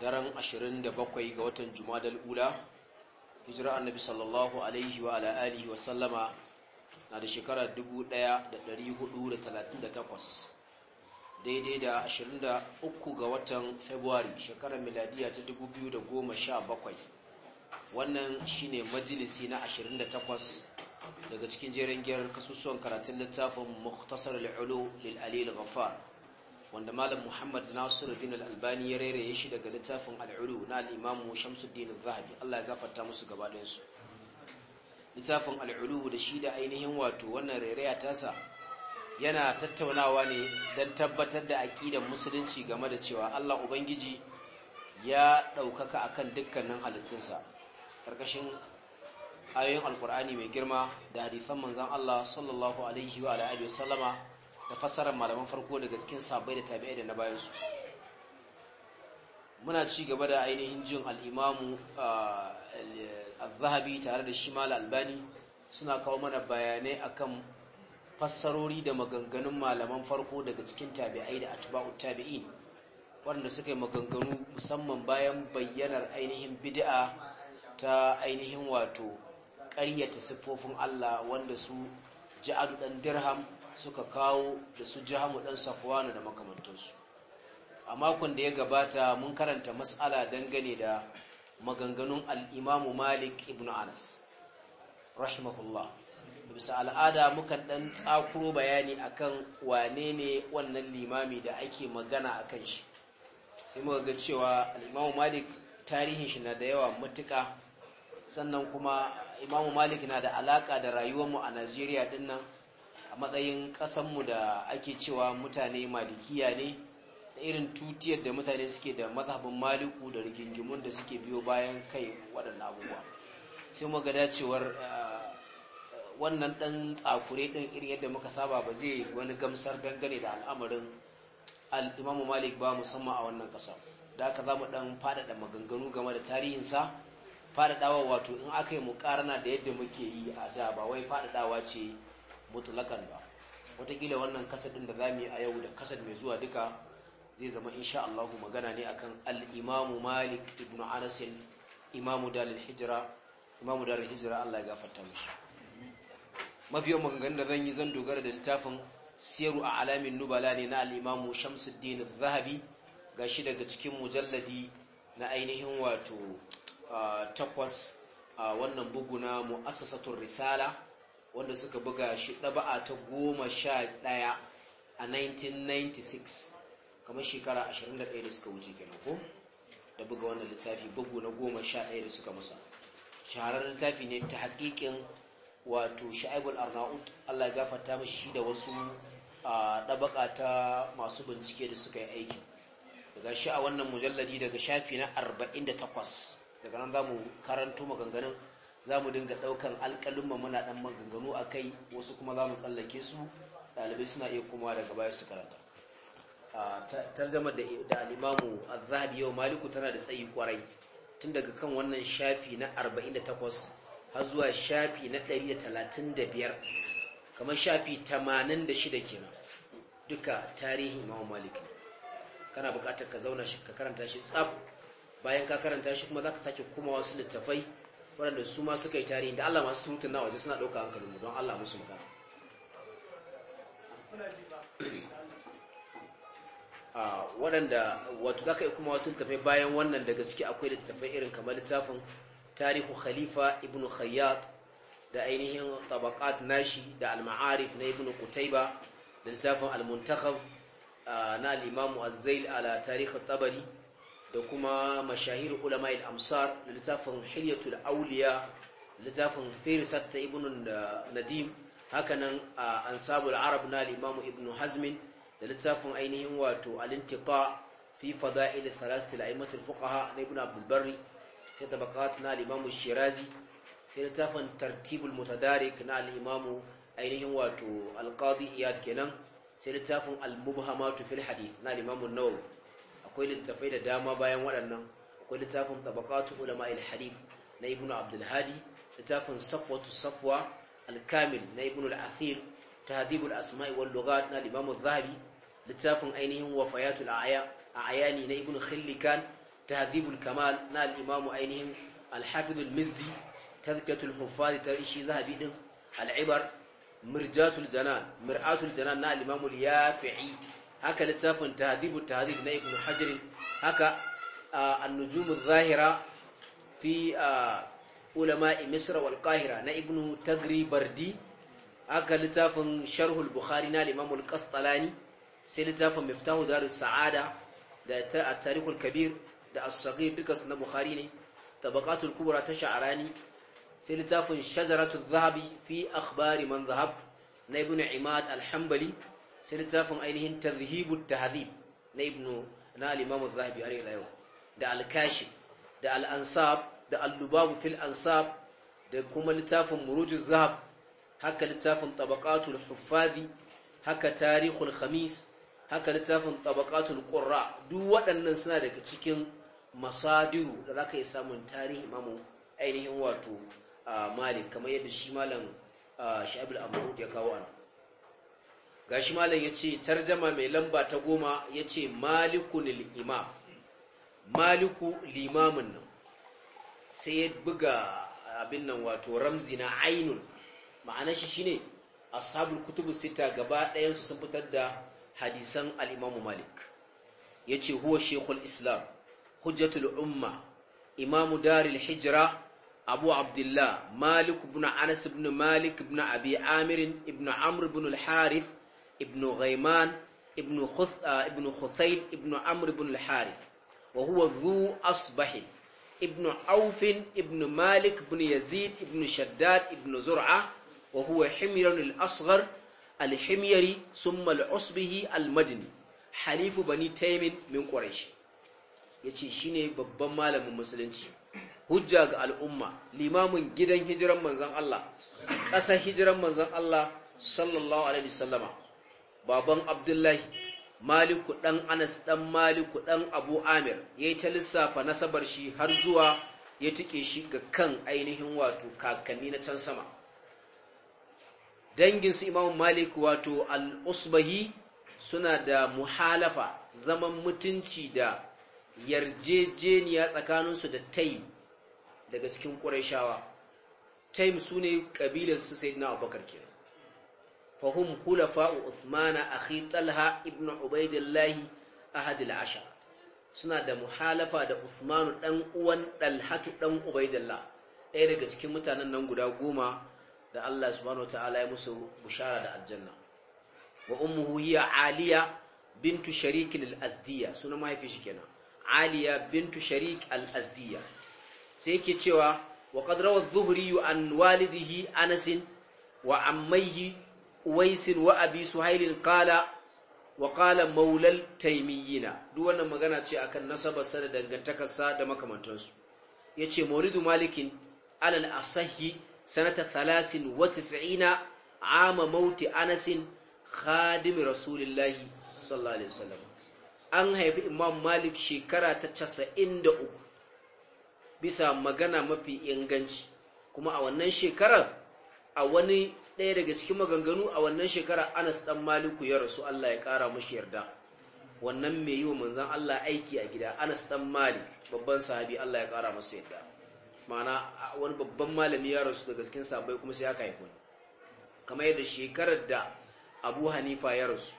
daren 27 ga watan jumadal ula hijira annabi sallallahu alaihi wa ala'alihi wa sallama na da shekara 1438 daidai da 23 ga watan februari shekarar miladiya ta 2017 wannan shine majalisi na 28 daga cikin jerin gyar kasusuwan karatun littafin muhtasar al'ulu lil alil ghaffar wanda malam Muhammad Nasiruddin Al-Albani ya rere shi daga littafin al'uru na al-Imam Shamsuddin Al-Zahabi Allah ya gafarta musu gaba ɗayan su littafin al'uru da shi da ainihin wato wannan reraya tasa yana tattaunawa ne don tabbatar da aqidar musulunci game da cewa Allah ubangiji ya ɗaukaka a kan dukkanin halittunsa ƙarƙashin ayoyin alkur'ani mai girma da hadisan manzon Allah sallallahu alaihi wa alihi da fassarar malaman farko daga cikin sabai da tabi'ai da na bayan su muna ci gaba da ainihin jin al'imamu al-zahabi tare da shi mala albani suna kawo mana bayanai akan fassarori da maganganun malaman farko daga cikin tabi'ai da atba'u tabi'in waɗanda suka yi maganganu musamman bayan bayyanar ainihin bid'a ta ainihin wato ƙaryata siffofin Allah wanda su ji ɗan dirham suka kawo da su jihamu ɗan safuwanu da makamantarsu a makon da ya gabata mun karanta matsala dangane da maganganun al'imamu malik ibn anas rahimahullah bisa al'ada muka ɗan tsakuro bayani akan wane ne wannan limami da ake magana a kan shi sai muka ga cewa al'imamu malik tarihin shi na da yawa matuka sannan kuma imamu malik na da alaƙa da rayuwarmu a najeriya dinnan a matsayin ƙasanmu da ake cewa mutane malikiya ne da irin tutiyar da mutane suke da mazhabin maliku da rigingimun da suke biyo bayan kai waɗannan abubuwa sai muka dacewar eh, wannan ɗan tsakure ɗin irin yadda muka saba ba zai wani gamsar dangane da al'amarin al'imamu malik ba musamman a wannan ƙasa da aka za mu ɗan faɗaɗa maganganu game da tarihinsa faɗaɗawa wato in aka yi mu ƙarana da yadda muke yi a da ba wai faɗaɗawa ce mutlakan ba watakila wannan kasadin da zamu yi a yau da kasad mai zuwa duka zai zama insha Allah magana ne akan al imamu Malik ibn Anas imamu Dalil Hijra imamu Dalil Hijra Allah ya gafarta mishi mabiyan maganganun da zan yi zan dogara da littafin Siyaru a alamin nubala ne na al imamu Shamsuddin zahabi gashi daga cikin mujalladi na ainihin wato ah, takwas ah, wannan bugu na mu'assasatul risala wanda suka buga shi ɗaba'a ta goma sha ɗaya a 1996 kamar shekara 21 da suka wuce kenan ko da buga wannan littafi bugu na goma sha ɗaya da suka masa shaharar littafi ne ta hakikin wato sha'ibul arnaud allah ya gafarta mashi shi da wasu ɗabaka ta masu bincike da suka yi aiki daga shi a wannan mujalladi daga shafi na 48 daga nan za mu karanto maganganun za mu dinga ɗaukan alƙalumma muna ɗan maganganu a kai wasu kuma za mu tsallake su ɗalibai suna iya kuma daga baya su karanta tarzama da alimamu azhabi yau maliku tana da tsayi kwarai tun daga kan wannan shafi na 48 har zuwa shafi na 135 kamar shafi 86 kenan duka tarihi imamu malik kana bukatar ka zauna shi ka karanta shi tsab bayan ka karanta shi kuma za ka sake kuma wasu littafai waɗanda su ma suka yi tarihi da Allah masu surutun na waje suna ɗauka hankalin don Allah musu maka. Ah, waɗanda wato za ka yi kuma wasu littafai bayan wannan daga ciki akwai littafai irin kamar littafin tarihu khalifa ibn khayyat da ainihin tabaqat nashi da al-ma'arif na ibn qutayba da littafin al-muntakhab ah, na al-imam az-zail ala tarikh tabari da kuma mashahir ulama al-amsar da littafin hilyatul auliya littafin firisat ta ibn nadim hakanan ansabul arab na al ibn hazmin da littafin ainihin wato al-intiqa fi fada'il thalath al-a'immat fuqaha na ibn abdul barri sai tabaqat na al-imam shirazi sai littafin tartibul mutadarik na al ainihin wato al iyad kenan sai littafin al-mubhamatu fil hadith na al-imam nawawi akwai littattafai da dama bayan waɗannan akwai littafin tabaqatu ulama al-hadith na ibn abdulhadi hadi littafin safwatu safwa al-kamil na ibn al-athir tahdhib al-asma'i wal lughat na imam az-zahabi littafin ainihin wafayatul ayani na ibn khillikan tahdhib al-kamal na al-imam ainihin al-hafiz al-mizzi tazkiyatul huffaz ta ishi zahabi din al-ibar mirjatul janan mir'atul janan na al-imam al-yafi'i haka littafin tahdibu tahdib na ibnu hajar haka an-nujum zahira fi ulama'i misra wal qahira na ibnu tagribardi haka littafin sharhul bukhari na al-imam al sai littafin miftahu darus sa'ada da at-tarikhul kabir da as-saghir duka na bukhari ne tabaqatul kubra ta sha'rani sai littafin shajaratul zahabi fi akhbari man zahab na ibnu imad al-hanbali sai littafin ainihin tarhibu tahdhib na ibnu na al zahabi yau da al-kashi da al-ansab da al-lubab fil ansab da kuma littafin murujuz zahab haka littafin tabaqatul huffazi haka tarihul khamis haka littafin tabaqatul qurra duk waɗannan suna daga cikin masadiru da zaka yi samun tarihi imamu ainihin wato ah, malik kamar yadda shi malam ah, sha'ibul amrud ya kawo ana gashi malam ya ce tarjama mai lamba ta goma ya ce imam maliku limamin nan sai ya buga abin nan wato ramzi na ainun ma'ana shi shine ashabul kutubu sita gaba ɗayansu sun fitar da hadisan Alimamu malik ya ce huwa shekul islam hujjatul umma imamu daril hijira abu abdullah malik ibn anas ibn malik ibn abi amirin ibn amr ibn al-harith Ibnu ghaiman ibn uh, ibn khusayd ibn amr ibn al-harith wa huwa dhu asbah ibn auf ibn malik ibn yazid ibn shaddad ibn zur'a wa huwa himran al-asghar al-himyari thumma al-usbihi al-madini halifu bani taymin min quraish yace shine babban malamin musulunci hujja ga al'umma limamin gidan hijiran manzan Allah ƙasar hijiran manzan Allah sallallahu alaihi wasallama baban abdullahi maliku ɗan anas ɗan maliku ɗan abu amir ya yi ta lissafa nasabar shi har zuwa ya tuke shi ga kan ainihin wato kakanni na can sama danginsu Imam malik wato al'usbahi suna da muhalafa zaman mutunci da yarjejeniya tsakaninsu da taim daga cikin ƙurashawa taim su ne ƙabilarsu sai na abubakar kenan fahum hulafa'u Uthmana akhi Talha ibn Ubaidillah ahad al suna da muhalafa da Uthmanu dan uwan Talhatu dan Ubaidillah ɗaya daga cikin mutanen nan guda goma da Allah subhanahu ya musu bushara da aljanna wa ummuhu hiya Aliya bintu Sharik al-Azdiya Suna mahaifin shi Aliya bintu Sharik al-Azdiya sai yake cewa wa qad rawa adh-Dhuhri an walidihi Anas wa ammaihi ويس وأبي سهيل قال وقال مولى التيميين duk wannan magana ce akan nasabarsa da dangantakarsa da makamantansu yace mauridu malikin alal asahi sanata 93 ama mauti anasin khadim rasulillahi sallallahu alaihi wasallam an haifi imam malik shekara ta casa'in da uku. bisa magana mafi inganci kuma a wannan shekarar a wani ɗaya daga cikin maganganu a wannan shekara Anas dan Maliku ya rasu Allah ya ƙara mushi yarda wannan mai yi wa manzan Allah aiki a gida Anas dan Malik babban sahabi Allah ya ƙara masu yarda ma'ana wani babban malami ya rasu daga cikin sabai kuma sai aka haifu kamar yadda shekarar da Abu Hanifa ya rasu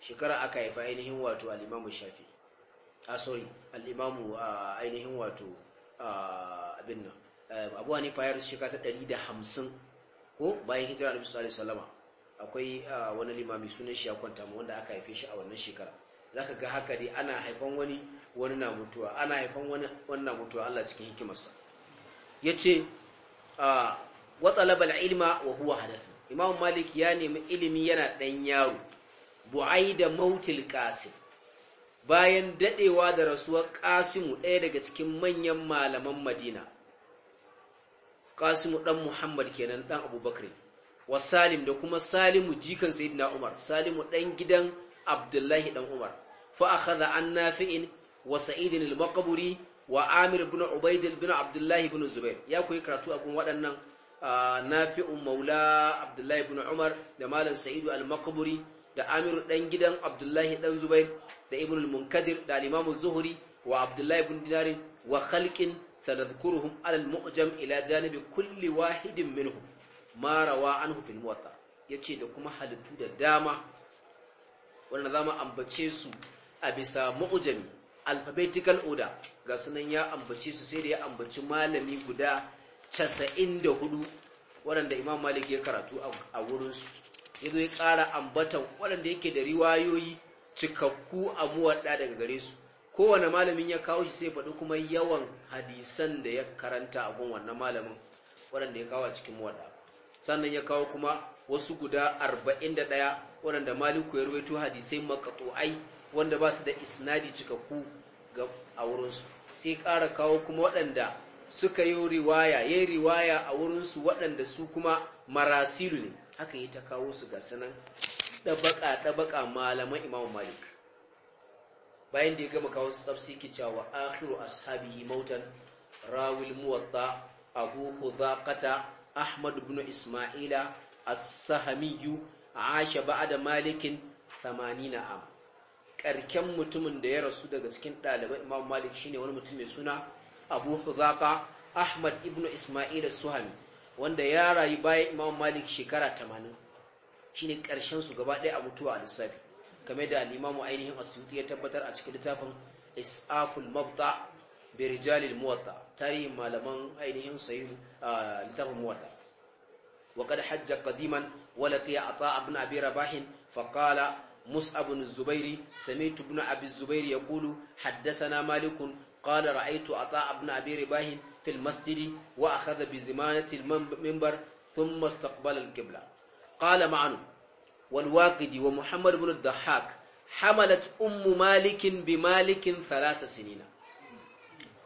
shekara aka haifa ainihin wato Alimamu Shafi a ah, sorry Alimamu ah, ainihin wato ah, abin nan eh, Abu Hanifa ya rasu shekara ta hamsin. ko bayan hijira annabi sallallahu alaihi akwai wani limami sunan shi ya kwanta mu wanda aka haife shi a wannan shekara zaka ga haka dai ana haifan wani wani na mutuwa ana haifan wani wani na mutuwa Allah cikin hikimarsa yace wa talaba ilma wa huwa hadath imam malik ya nemi ilimi yana dan yaro da mautil qasim bayan dadewa da rasuwar qasimu ɗaya daga cikin manyan malaman madina Kasimu dan muhammad kenan dan abubakar wa salim da kuma salimu jikan sayyidina umar salimu dan gidan abdullahi dan umar fa akhadha an nafi'in wa sa'idin al-maqburi wa amir ibn ubayd ibn abdullahi ibn zubair ya koyi karatu a waɗannan nafi'un maula abdullahi ibn umar da malam sa'idu al-maqburi da amiru dan gidan abdullahi dan zubair da ibn al-munkadir da al-imam zuhri wa abdullahi ibn dinar wa khalqin سنذكرهم alal المؤجم ila janibi kulli wahidin منهم ما روى عنه في الموطا yace da kuma halittu da dama wannan zama ambace su a bisa mu'jami alphabetical order ga sunan ya ambace su sai da ya ambaci malami guda 94 waɗanda Imam Malik ya karatu a wurin su yazo ya ƙara ambatan waɗanda yake da riwayoyi cikakku a muwadda daga gare su kowane malamin ya kawo shi sai faɗi kuma yawan hadisan da ya karanta a gun wannan malamin waɗanda ya kawo a cikin wada sannan ya kawo kuma wasu guda 41 waɗanda maliku ya ruwaito hadisai makatu'ai wanda ba su da isnadi cikakku ga a wurinsu sai ƙara kawo kuma waɗanda suka yi riwaya ya riwaya a wurinsu waɗanda su kuma marasilu ne haka yi ta kawo su ga sanan ɗabaƙa-ɗabaƙa malaman imamu malik bayan da ya gama kawo su tafsi ke cewa akhiru ashabihi mautan rawil muwatta abu hudaqata ahmad ibn isma'ila as-sahmiyyu aisha ba'da malikin 80 am karken mutumin da ya rasu daga cikin ɗaliban imam malik shine wani mutum mai suna abu hudaqa ahmad ibn isma'ila as-suhami wanda ya rayu bayan imam malik shekara 80 shine karshen su gaba ɗaya a mutuwa al sabi kamar da al-imamu ainihin asibiti ya tabbatar a cikin littafin isaful mabda bi rijalil muwatta tarihin malaman ainihin sahihu littafin muwatta wa qad hajja qadiman wa laqiya ata ibn abi rabah fa qala mus'ab ibn zubair sami'tu ibn abi zubair yaqulu haddathana malik قال رأيت عطاء بن أبي رباه في المسجد وأخذ بزمانة المنبر ثم استقبل القبلة قال معنو wa والواقدي ومحمد بن الضحاك حملت أم مالك بمالك ثلاث سنين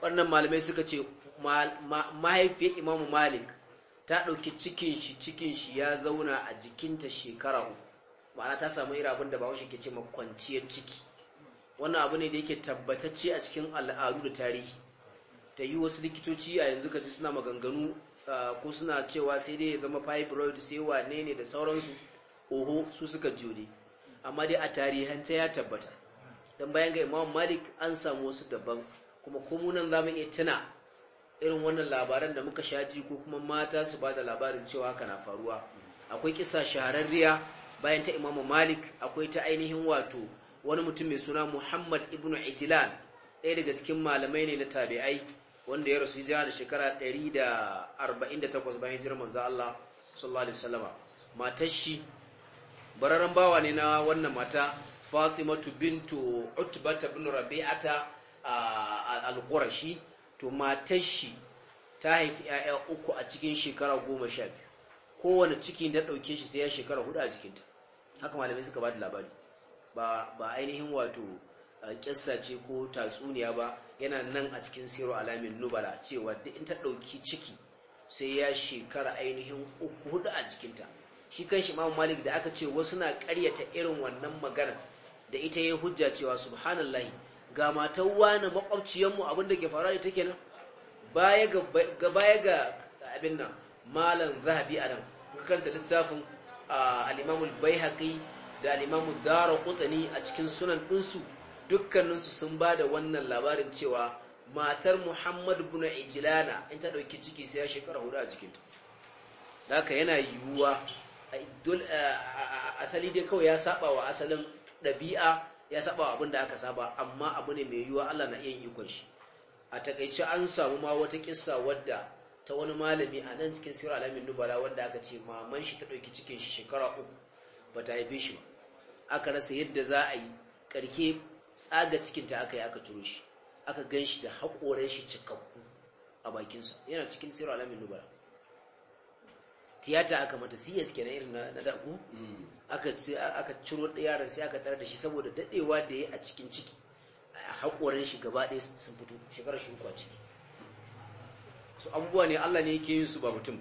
wannan malamai suka ce mahaifiyar imamu malik ta ɗauki cikin shi cikin shi ya zauna a jikinta shekara uku ma'ana ta samu ira abin da ba ke ce makwanciyar ciki wannan abu ne da yake tabbatacce a cikin al'adu da tarihi ta yi wasu likitoci a yanzu ka ji suna maganganu ko suna cewa sai dai ya zama fibroid sai wane ne da sauransu oho su suka jure amma dai a tarihanta ya tabbata Don bayan ga imam malik an samu wasu daban kuma komunan za mu iya tuna irin wannan labaran da muka shaji ko kuma mata su ba da labarin cewa haka na faruwa akwai kisa shahararriya bayan ta imam malik akwai ta ainihin wato wani mutum mai suna muhammad ibnu ijilal ɗaya daga cikin malamai ne na tabi'ai wanda ya rasu hijira da shekara 148 bayan hijirar manzo Allah sallallahu alaihi wasallama matar shi bararren bawa ne na wannan mata fatimatu bintu utbata bin rabi'ata al-qurashi to matar shi ta haifi 'ya'ya uku a cikin shekara goma sha biyu kowane ciki da ɗauke shi sai ya shekara hudu a jikinta haka malamai suka ba da labari ba ainihin wato ƙyassa ce ko tatsuniya ba yana nan a cikin siro alamin nubala cewa duk in ta ɗauki ciki sai ya shekara ainihin uku hudu a jikinta shi kan shi imamu malik da aka ce wasu na karyata irin wannan magana da ita ya hujja cewa subhanallahi ga matan wani makwabciyarmu abin ke faruwa da take nan baya ga baya ga abin nan malam zahabi a nan kanta littafin alimamul bai haƙi da alimamul dara daraqutni a cikin sunan ɗinsu dukkaninsu sun ba da wannan labarin cewa matar muhammad Buna ijilana in ta ɗauki ciki sai ya shekara hudu a jikinta da yana yiwuwa asali dai kawai ya saba wa asalin ɗabi'a ya saba wa abin da aka saba amma abu ne mai yiwuwa Allah na iya ikon shi a takaice an samu ma wata kissa wadda ta wani malami a nan cikin sirar alamin nubala wanda aka ce maman shi ta ɗauki cikin shi shekara uku ba ta haife shi ba aka rasa yadda za a yi karke tsaga cikin ta aka yi aka ciro shi aka gan shi da haƙoran shi cikakku a bakinsa yana cikin sirar alamin nubala tiyata aka mata siyas kenan irin na daku mm. aka ciro yaran sai aka tare da shi saboda dadewa da ya a cikin ciki a haƙorin shi gaba ɗaya sun fito shekarar shi uku ciki su abubuwa ne allah ne yake yin su ba mutum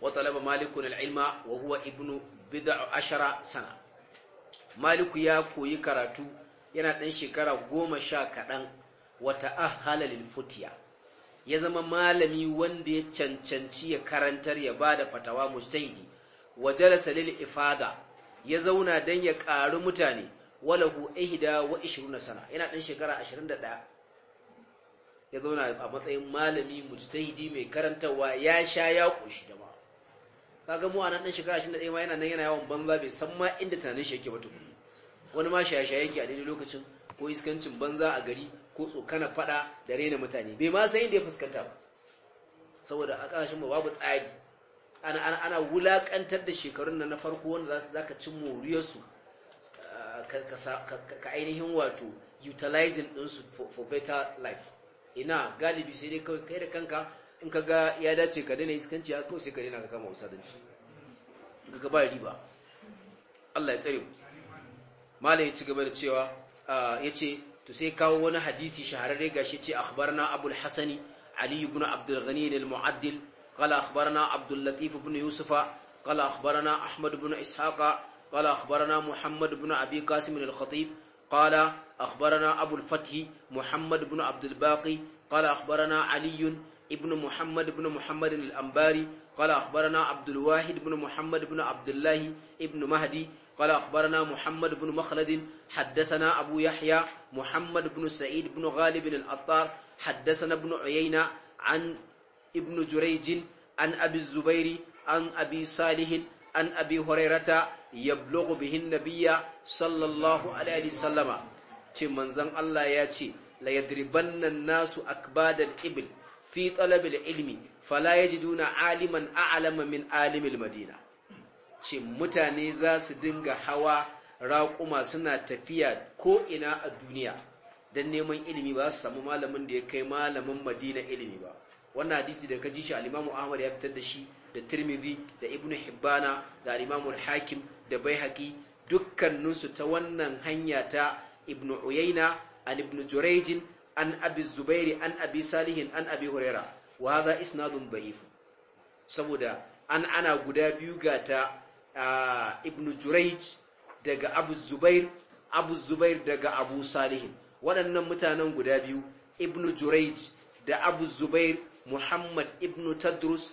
ba na al'ilma wahuwa Ibnu, ibnu بضع ashara sana, maliku ya koyi karatu yana ɗan shekara goma sha kaɗan wata ahalalin futiya ya zama malami wanda ya cancanci ya karantar ya ba da fatawa mujtahidi wa jalasa lil ifada ya zauna dan ya ƙaru mutane walahu ihda wa 20 sana yana dan shekara 21 ya zauna a matsayin malami mujtahidi mai karantarwa ya sha ya koshi da ma kaga mu anan dan shekara 21 ma yana nan yana yawan banza bai san ma inda tunanin shi yake ba tukuni wani ma shaye-shaye yake a dai lokacin ko iskancin banza a gari ko tsokana fada da rena mutane bai ma san da ya fuskanta ba saboda a kasashen mu babu tsari ana ana wulakantar da shekarun nan na farko wanda za su zaka cin moriyar su ah, ka ainihin wato utilizing din su for better life ina galibi sai dai kai da kanka in ka ga ya dace ka daina iskanci ya kawai sai ka daina ka kama ka ga gaba riba Allah ya tsare mu malai ya ci gaba da cewa ah, ya ce to sai kawo wani hadisi shahararre gashi ce akhbarna abul hasani ali ibn abdul ghani al muaddil abdul latif ibn yusufa qala akhbarna ahmad ibn ishaqa qala akhbarna muhammad ibn abi qasim al khatib qala akhbarna abul muhammad ibn abdul baqi qala akhbarna ali ibn muhammad ibn muhammad al anbari qala akhbarna abdul wahid ibn muhammad ibn abdullah ibn mahdi قال أخبرنا محمد بن مخلد حدثنا أبو يحيى محمد بن سعيد بن غالب الأطار حدثنا ابن عيينة عن ابن جريج عن أبي الزبير عن أبي صالح عن أبي هريرة يبلغ به النبي صلى الله عليه وسلم ce manzon Allah ya ce la yadribanna nasu akbadal ibil fi talabil ilmi fala yajiduna aliman a'lama min alimil madina ce mutane za su dinga hawa raƙuma suna tafiya ko ina a duniya don neman ilimi ba su samu malamin da ya kai malamin madina ilimi ba wannan hadisi da ka ji shi alimamu ahmad ya fitar da shi da tirmidhi da ibnu hibbana da alimamu hakim da dukkan dukkaninsu ta wannan hanya ta ibnu uyaina an ibnu jurejin an abi zubairi an abi salihin an abi huraira wa hadha isnadun da'if saboda an ana guda biyu ga ta ibn Jurayj daga Abu Zubair Abu Zubair daga Abu Salih waɗannan mutanen guda biyu Ibnu Jurayj da Abu Zubair Muhammad Ibnu Tadrus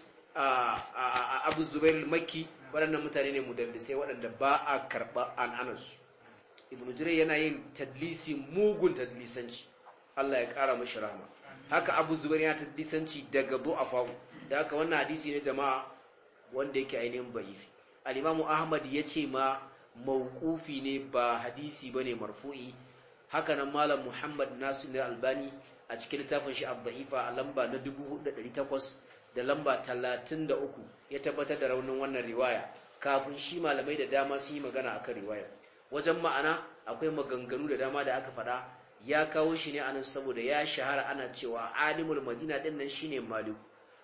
Abu Zubair makki waɗannan mutane ne mudallisai waɗanda ba a karɓa al'anarsu Ibn Jurayj yana yin tadlisi mugun tadlisanci Allah ya ƙara mashi rahama haka Abu Zubair ya tadlisanci daga du'afa da haka wannan hadisi ne jama'a wanda yake ainihin ba'ifi al'imamu ahmad ya ce ma Maukufi ne ba hadisi ba ne Haka nan, malam muhammad nasu ne albani a cikin littafin shi abda'ifa a lamba na 4,800 da lamba 33 ya tabbatar da raunin wannan riwaya kafin shi malamai da dama su yi magana kan riwaya wajen ma'ana akwai maganganu da dama da aka faɗa ya kawo shi ne anan saboda ya shahara ana cewa alimul madina din nan shine maliku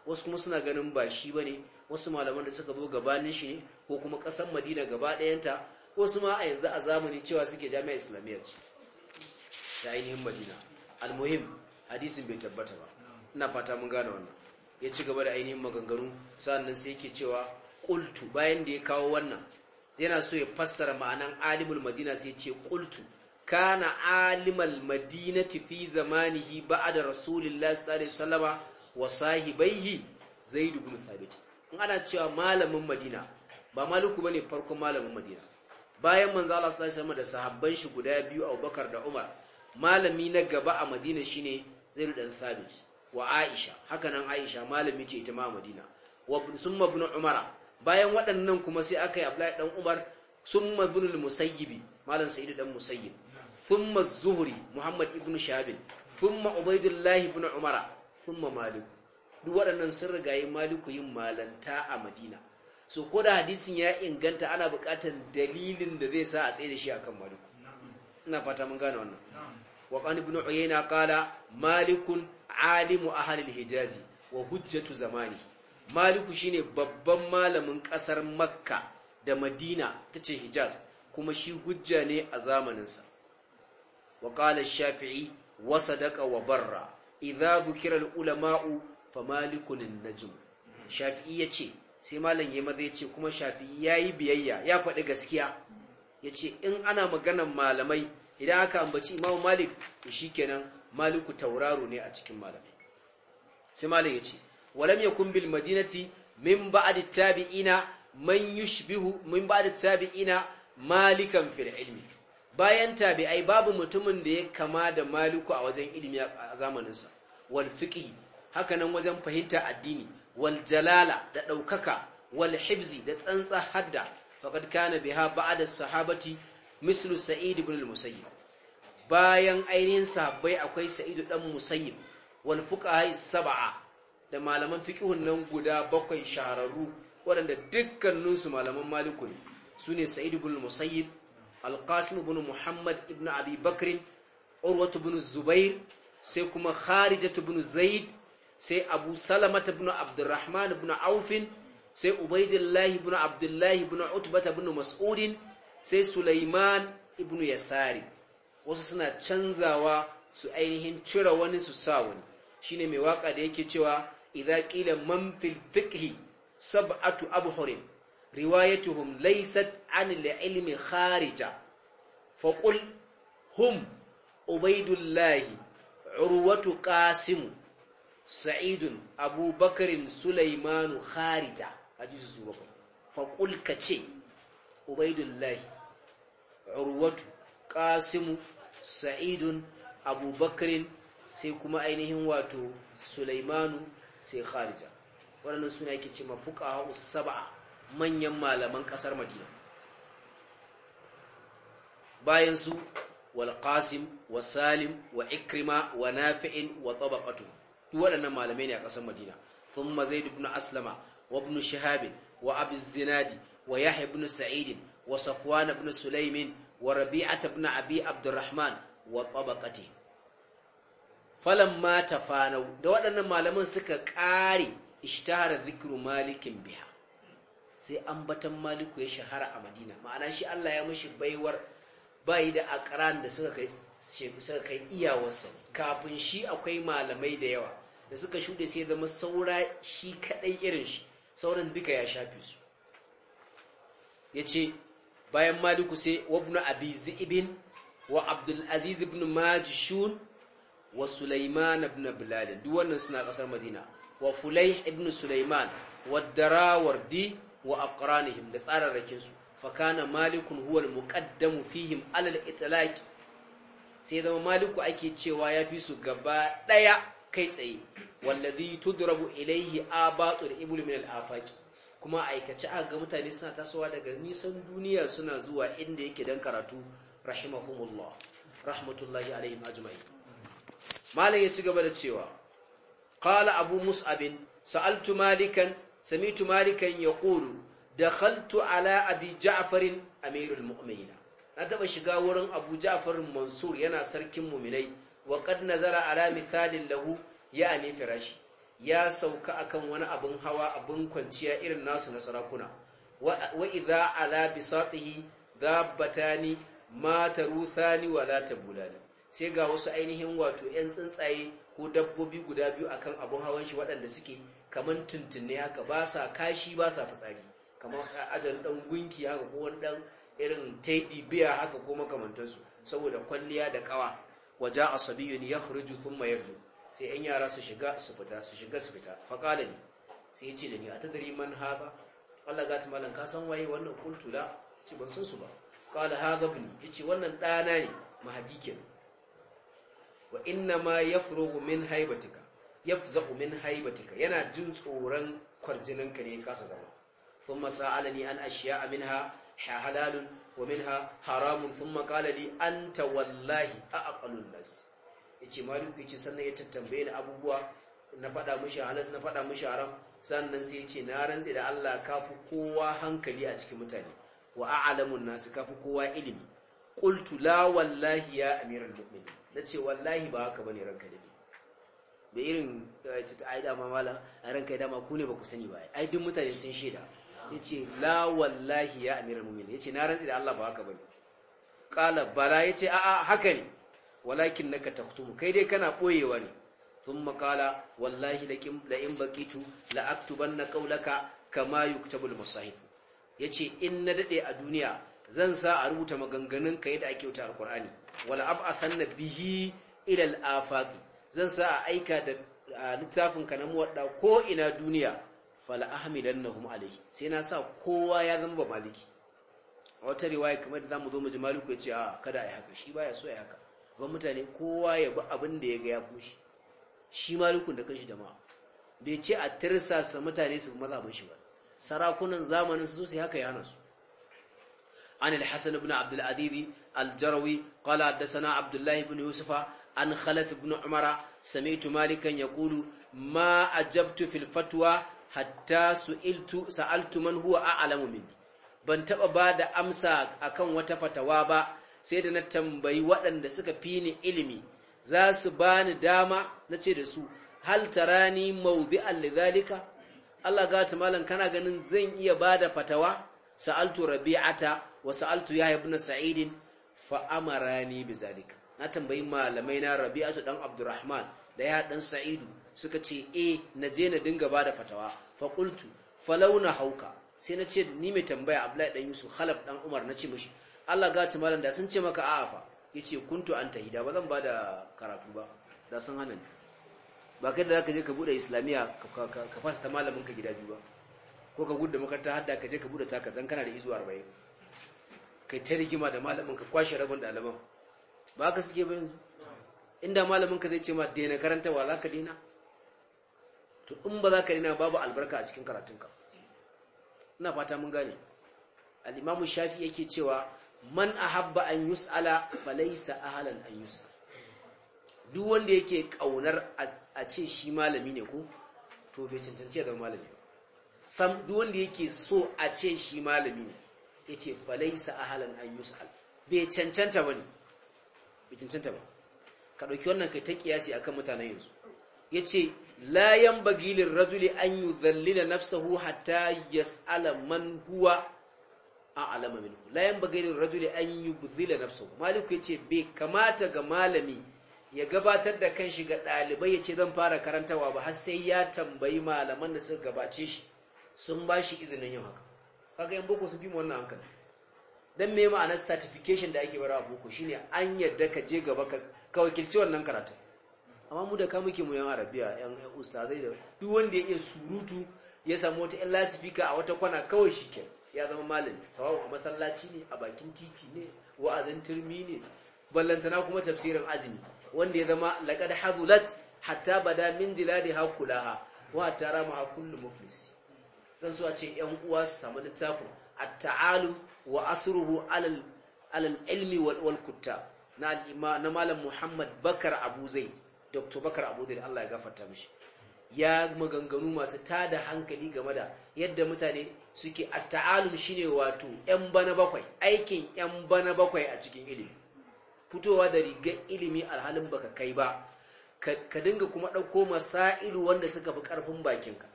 wasu kuma suna ganin ba shi bane wasu malaman da suka zo gabanin shi ne ko kuma ƙasar madina gaba ɗayanta wasu ma a yanzu a zamani cewa suke jami'a islamiyya ce ta ainihin madina almuhim hadisin bai tabbata ba ina fata mun gane wannan ya ci gaba da ainihin maganganu sannan sai yake cewa kultu. bayan da ya kawo wannan yana so ya fassara ma'anan alimul madina sai ce kultu. kana alimal madinati fi zamanihi ba'da rasulillahi sallallahu alaihi wasallama wa sahibaihi zaid ibn thabit in ana cewa malamin madina ba maliku ne farkon malamin madina bayan manzo Allah sallallahu alaihi da sahabban shi guda biyu a Abubakar da Umar malami na gaba a madina shine Zaid dan Thabit wa Aisha hakanan Aisha malami ce ita ma madina wa summa ibn Umara bayan waɗannan kuma sai aka yi Abdullahi dan Umar summa ibn al-Musayyib malam Sa'id dan Musayyib summa zuhri Muhammad ibn Shabil summa Ubaidullah ibn Umara thumma Malik duk waɗannan sun rigayi maliku yin malanta a madina so ko da hadisin ya inganta ana buƙatar dalilin da zai sa a tsaye da shi akan maliku ina fata mun gane wannan wa qan ibn uyayna qala malikun alimu ahli halin hijazi wa hujjatu zamani maliku shine babban malamin ƙasar makka da madina tace hijaz kuma shi hujja ne a zamaninsa wa qala shafii wa sadaka wa barra idza dhukira al-ulama'u fa malikun najm shafi'i yace sai malam yayi maza yace kuma shafi'i yayi biyayya ya faɗi gaskiya yace in ana maganan malamai idan aka ambaci imamu malik shi shikenan maliku tauraro ne a cikin malamai sai malam yace walam yakun bil madinati min ba'd tabi'ina man yushbihu min ba'd tabi'ina malikan fil ilmi bayan tabi'ai babu mutumin da ya kama da maliku a wajen ilimi a zamaninsa wal fiqh hakanan wajen fahimta addini wal jalala da ɗaukaka wal hibzi da tsantsa hadda faqad kana biha ba'da sahabati mislu sa'id ibn al-musayyib bayan ainihin sahabbai akwai sa'id dan musayyib wal fuqaha sab'a da malaman fiqhun nan guda bakwai shahararru waɗanda dukkaninsu malaman maliku ne sune sa'id ibn al-musayyib al-qasim ibn muhammad ibn abi bakr urwatu ibn zubair sai kuma kharijatu ibn zaid sai abu salamata bin abdurrahman bin aufin sai ubaidillahi bin abdullahi bin utbata bin mas'udin sai sulaiman ibn yasari wasu suna canzawa su ainihin cire wani su sa wani shine mai waka da yake cewa idza qila man fil fiqhi sab'atu abhurin riwayatuhum laysat an al-ilmi kharija faqul hum ubaidullahi urwatu qasim sa'idun abubakarin sulaimanu kharija hadisi su bakwai faƙul ce ubaidullahi urwatu ƙasimu sa'idun abubakarin sai kuma ainihin wato sulaimanu sai harija waɗannan suna yake ce mafuka hau saba'a manyan malaman ƙasar madina bayan su wal qasim wa salim wa ikrima wa nafi'in wa tabaqatu waɗannan malamai ne a ƙasar madina thumma zaid dubna aslama wa abin shahabin wa abin zinadi wa yahya haibin sa'id wa safwan abin sulaimin wa rabi'ata ibn abi abdurrahman wa ma ta fanau. da waɗannan malaman suka ƙare ishtahara zikiru malikin biha sai ambatan maliku ya shahara a madina ma'ana shi Allah ya mashi baiwar bayi da akaran da suka kai iyawarsa kafin shi akwai malamai da yawa da suka shuɗe sai zama saura shi kaɗai irin shi sauran duka ya shafi su ya ce bayan maliku sai wabna abizu ibin wa abdulaziz ibn majishun wa sulaiman ibn bilalin duk wannan suna ƙasar madina wa fulai ibn sulaiman wa di wa aqranihim da tsararrakinsu fakana malikun huwal muƙaddamu fihim alal itlaqi sai zama maliku ake cewa ya fi su gaba ɗaya kai tsaye wallazi tudrabu ilaihi al ibul min al-afaq kuma aikace a ga mutane suna tasowa daga nisan duniya suna zuwa inda yake dan karatu rahimahumullah rahmatullahi alaihim ajma'in malam ya ci gaba da cewa qala abu mus'ab sa'altu malikan sami'tu malikan yaqulu dakhaltu ala abi ja'far amirul mu'minin na taba shiga wurin abu ja'far mansur yana sarkin mu'minai wa qad nazara ala mithalin lahu ya'ni firashi ya sauka akan wani abun hawa abun kwanciya irin nasu na sarakuna wa idza ala bisatihi dabbatani ma taruthani wa la tabulani sai ga wasu ainihin wato yan tsuntsaye ko dabbobi guda biyu akan abun hawan shi waɗanda suke kaman tuntunne haka ba sa kashi ba sa fitsari kamar ajal dan gunki haka ko wani dan irin teddy bear haka ko makamantansu saboda kwalliya da kawa waja asabiyun yakhruju thumma yarju sai yan yara su shiga su fita su shiga su fita faƙalin sai ce da ni a tagari man haɓa Allah ga ta malan ka san waye wannan kultula ci ban san su ba qala ne. Ya ce wannan ɗana ne mahdi wa inna ma yafrugu min haibatika yafzahu min haibatika yana jin tsoron kwarjininka ne ya kasa zama masa alani an a minha halalun wa minha haramun thumma makalali an anta wallahi a aqalun nas yace ya ce sannan ya tattambaye ni abubuwa na faɗa mushi halas na mushi haram sannan sai yace na rantsi da Allah kafi kowa hankali a cikin mutane wa a'lamun nasu kafi kowa ilimi qultu la wallahi ya amiral Na ce wallahi ba haka bane ranka da da irin cuta eh, ai ma malam a ranka ya dama ku ne ba ku sani ba ai duk mutane sun shaida ya la wallahi ya mummina ya ce na rantsi da Allah ba haka bane ƙala bala yace a'a haka ne walakin naka taktumu kai dai kana ɓoyewa ne sun makala wallahi da in bakitu la na qawlaka kama yuktabul ya ce in na daɗe a duniya zan sa a rubuta maganganun ka da ake wuta alqur'ani wala na bihi ila zan sa a aika da littafin ka na muwadda ko ina duniya fala kuma alayhi sai na sa kowa ya zama ba maliki a wata riwaya kamar da zamu zo mu ji maliku ya ce a kada yi haka shi baya so ya haka ban mutane kowa ya bi abin da ya ga ya fushi shi malikun da kanshi da ma bai ce a tirsasa mutane su maza mazhabin shi ba sarakunan zamanin su sai haka ya hana su عن الحسن بن عبد العزيز الجروي قال حدثنا عبد الله بن يوسف عن خلف بن عمر سمعت مالكا يقول ما أجبت في الفتوى hatta su'iltu sa'altu man huwa a'lamu minni ban taba ba da amsa akan wata fatawa ba sai da na tambayi waɗanda suka fi ni ilimi za su bani dama na ce da su hal tarani mawdi'an lidhalika Allah ga ta malam kana ganin zan iya bada fatawa sa'altu rabi'ata wa sa'altu yahya ibn sa'id fa amarani bizalika na tambayi malamai na rabi'atu dan abdurrahman da ya dan sa'idu suka ce eh na je na dinga bada fatawa fa qultu falawna hauka sai na ce ni mai tambaya abdullahi dan yusuf khalaf dan umar na ce mishi Allah ga ta malam da sun ce maka a'afa yace kuntu anta hida ba zan bada karatu ba da sun hana ni ba kai da zaka je ka bude islamiya ka fasta malamin ka gida biyu ba ko ka gudu makaranta hadda ka je ka bude taka zan kana da izuwar bai kai ta rigima da malamin ka kwashe rabin ɗaliban ba ka suke ba yanzu inda malamin ka zai ce ma daina karanta wa za ka daina to in ba za ka daina babu albarka a cikin karatunka ina fata mun gane al-imamu shafi yake cewa man ahabba an yus'ala falaysa ahlan an yus'al duk wanda yake kaunar a ce shi malami ne ko to bai cancanci ya malami sam duk wanda yake so a ce shi malami ne yace falaysa ahlan an yus'al bai cancanta bane bai cancanta ba ka ɗauki wannan kai ta kiyasi akan mutanen yanzu ya ce layan bagilin rajuli an yi zallila hatta yas'ala man huwa a alama minhu layan bagilin rajuli an yi zallila maliku ya ce bai kamata ga malami ya gabatar da kanshi ga ɗalibai ya ce zan fara karantawa ba har sai ya tambayi malaman da suka gabace shi sun ba shi izinin yin haka kaga yan boko su bi mu wannan hankali dan me ma'anar certification da ake bara boko ne an yadda ka je gaba ka wakilci wannan karatu amma mu da ka muke mu yan arabiya yan ustazai da duk wanda ya iya surutu ya samu wata yan lasifika a wata kwana kawai ke ya zama malami sawawa a masallaci ne a bakin titi ne wa'azin turmi ne ballantana kuma tafsirin azumi wanda ya zama laƙad hazulat hatta bada min da hakulaha wa tara rama kullu muflis Zan so a ce yan uwa su samu littafin at wa asruhu alal alal ilmi wal kutta na malam Muhammad Bakar Abu zai Dr. Bakar Abu zai Allah ya gafarta mishi ya maganganu masu tada hankali game da yadda mutane suke ta'alun taalum shine wato yan bana bakwai aikin yan bana bakwai a cikin ilimi fitowa da rigar ilimi alhalin baka kai ba ka dinga kuma ɗauko masailu wanda suka fi ƙarfin bakinka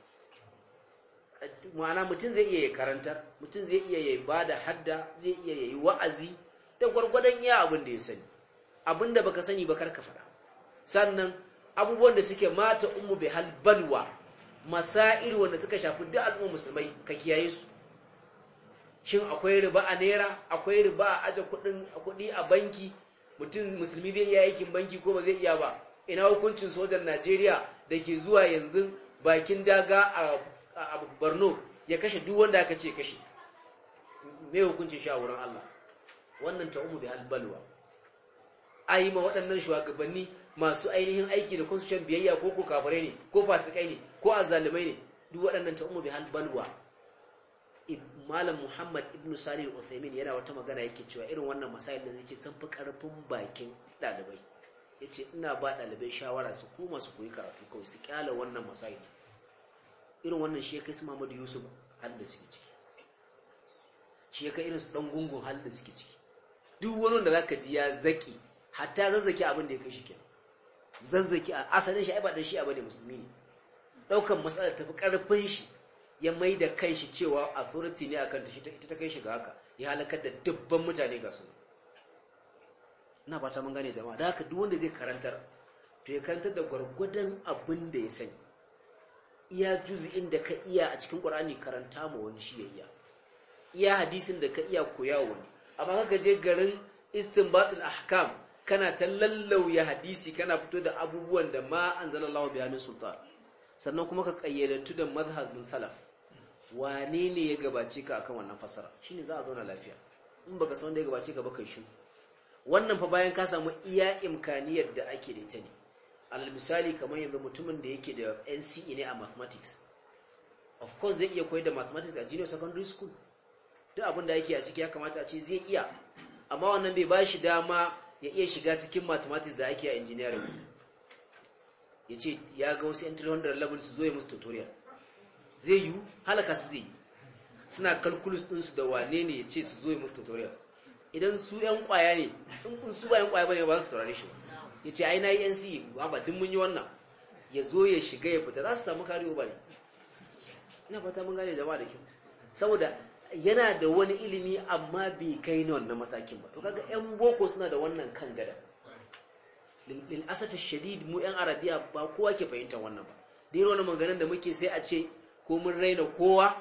ma'ana mutum zai iya ya karantar mutum zai iya yi ba da hadda zai iya yi wa'azi da gwargwadon iya abin da ya sani abin da baka sani ba karka faɗa sannan abubuwan da suke mata umu bai halbalwa masa'ir wanda suka shafi duk al'ummar musulmai ka kiyaye su shin akwai riba a naira akwai riba a aje kuɗi a banki mutum musulmi zai iya aikin banki ko ba zai iya ba ina hukuncin sojan najeriya da ke zuwa yanzu bakin daga a abu barno ya kashe duk wanda aka ce kashe mai hukuncin shi Allah wannan ta umu bi albalwa a yi ma waɗannan shugabanni masu ainihin aiki da kwanciyar shan biyayya ko ko kafare ne ko fasikai ne ko azalimai ne duk waɗannan ta umu bi albalwa malam muhammad ibn Sani al-uthaymin yana wata magana yake cewa irin wannan masayin da zai sun fi karfin bakin ɗalibai ce ina ba ɗalibai shawara su koma su koyi karatu kawai su kyala wannan masail irin wannan shi ya kai su Muhammadu Yusuf halin da suke ciki shi ya kai irin su dan gungun halin da suke ciki duk wani da ka ji ya zaki hatta zazzaki abin da ya kai shi ke. zazzaki a asalin shi a ba dan shi bane musulmi ne daukan matsalar tafi karfin shi ya mai da shi cewa authority ne kan ta shi ta kai shi ga haka ya halakar da dubban mutane ga su ina ba ta mun gane jama'a da haka duk wanda zai karantar to ya karantar da gwargwadon abin da ya sani iya juzi da ka iya a cikin ƙur'ani karanta ma wani shi yayya iya hadisin da ka iya koya wani amma ka je garin istinbatul ahkam kana ta lallauya hadisi kana fito da abubuwan da ma anzalallahu biha min sultan sannan kuma ka kayyadatu da mazhabin salaf wane ne ya gabace ka akan wannan fasara shine za a zauna lafiya in baka san wanda ya gabace ka ba kai shi wannan fa bayan ka samu iya imkaniyar da ake da ita ne alal misali kamar yanzu mutumin da yake da NCE ne a mathematics of course zai iya koyar da mathematics a junior secondary school duk abin da yake a ciki ya kamata a ce zai iya amma wannan bai ba shi dama ya iya shiga cikin mathematics da ake a engineering ya ce ya ga wasu 300 level su zo ya musu tutorial zai yiwu halaka su zai suna calculus ɗinsu da wane ne ya ce su zo ya musu tutorial idan su 'yan kwaya ne in kun su ba 'yan kwaya ba ne ba su saurare shi ba ya ce aina na yi nce ba duk mun yi wannan ya zo ya shiga ya fita za su samu kariyo ba ne ina fata mun gane jama'a da kyau saboda yana da wani ilimi amma bai kai na wannan matakin ba to kaga yan boko suna da wannan kan gada lil asata shadid mu yan arabiya ba kowa ke fahimta wannan ba dai wannan maganar da muke sai a ce ko mun raina kowa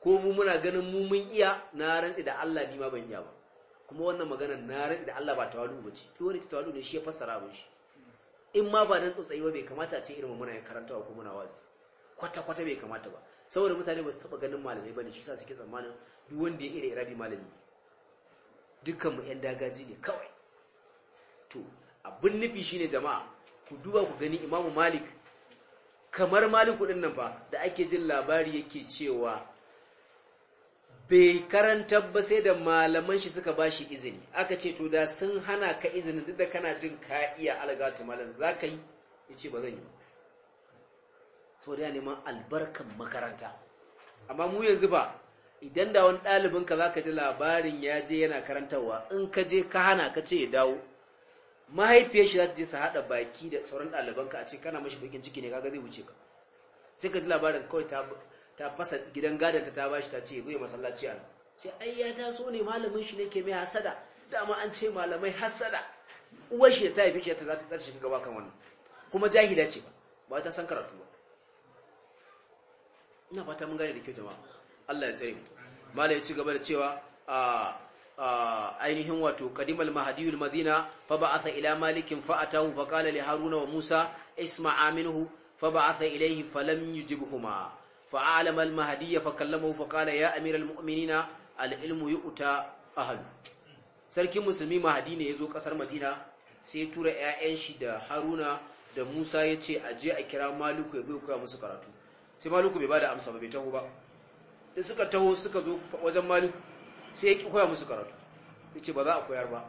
ko mu muna ganin mu mun iya na rantsi da Allah ni ma ban iya ba kuma wannan maganar na rantsi da Allah ba tawalu ba ce duk wani tawalu ne shi ya fassara mun shi in ma ba dan tsotsayi ba bai kamata a ce irin muna karanta ko muna wazi kwata kwata bai kamata ba saboda mutane ba su taba ganin malamai bane shi yasa suke tsammanin duk wanda ya iri irabi malami dukkan mu yan dagaji ne kawai to abin nufi shi ne jama'a ku duba ku gani Imam Malik kamar Malik din nan fa da ake jin labari yake cewa bai karanta ba sai da malaman shi suka ba shi izini aka ce to da sun hana ka izini duk da kana jin ka iya algatu malam za ka yi ya ce ba zan yi ba so da ya neman albarkan makaranta amma mu yanzu ba idan da wani ɗalibinka za ka ji labarin ya je yana karantarwa in ka je ka hana ka ce ya dawo mahaifiyar shi za su je su haɗa baki da sauran ɗalibanka a ce kana mashi bakin ciki ne kaga zai wuce ka sai ka ji labarin kawai ta ta fasa gidan gadanta ta bashi ta ce goyi masallaci an ce ai ya taso ne malamin shi ne ke mai hasada dama an ce malamai hasada uwar shi da ta yi shi ta za ta tsarshi gaba kan wannan kuma jahila ce ba ba ta san karatu ba ina fata mun gane da kyau jama'a Allah ya tsare mu malai ci gaba da cewa a ainihin wato qadimal mahdiyul madina fa ba'atha ila malikin fa atahu fa qala li haruna wa musa isma'a minhu fa ba'atha ilayhi falam yujibhuma فعلم المهدي فكلمه فقال يا امير المؤمنين ya amiral اهل سركي مسلمي مهدي sarkin musulmi ne yazo kasar madina sai ya tura ƴaƴan shi da haruna da musa yace aje a kira Maluku ya zo koya musu karatu sai Maluku bai bada amsa ba bai taho ba sai suka taho suka zo wajen Maluku. sai ya koya musu karatu yace ba za a koyar ba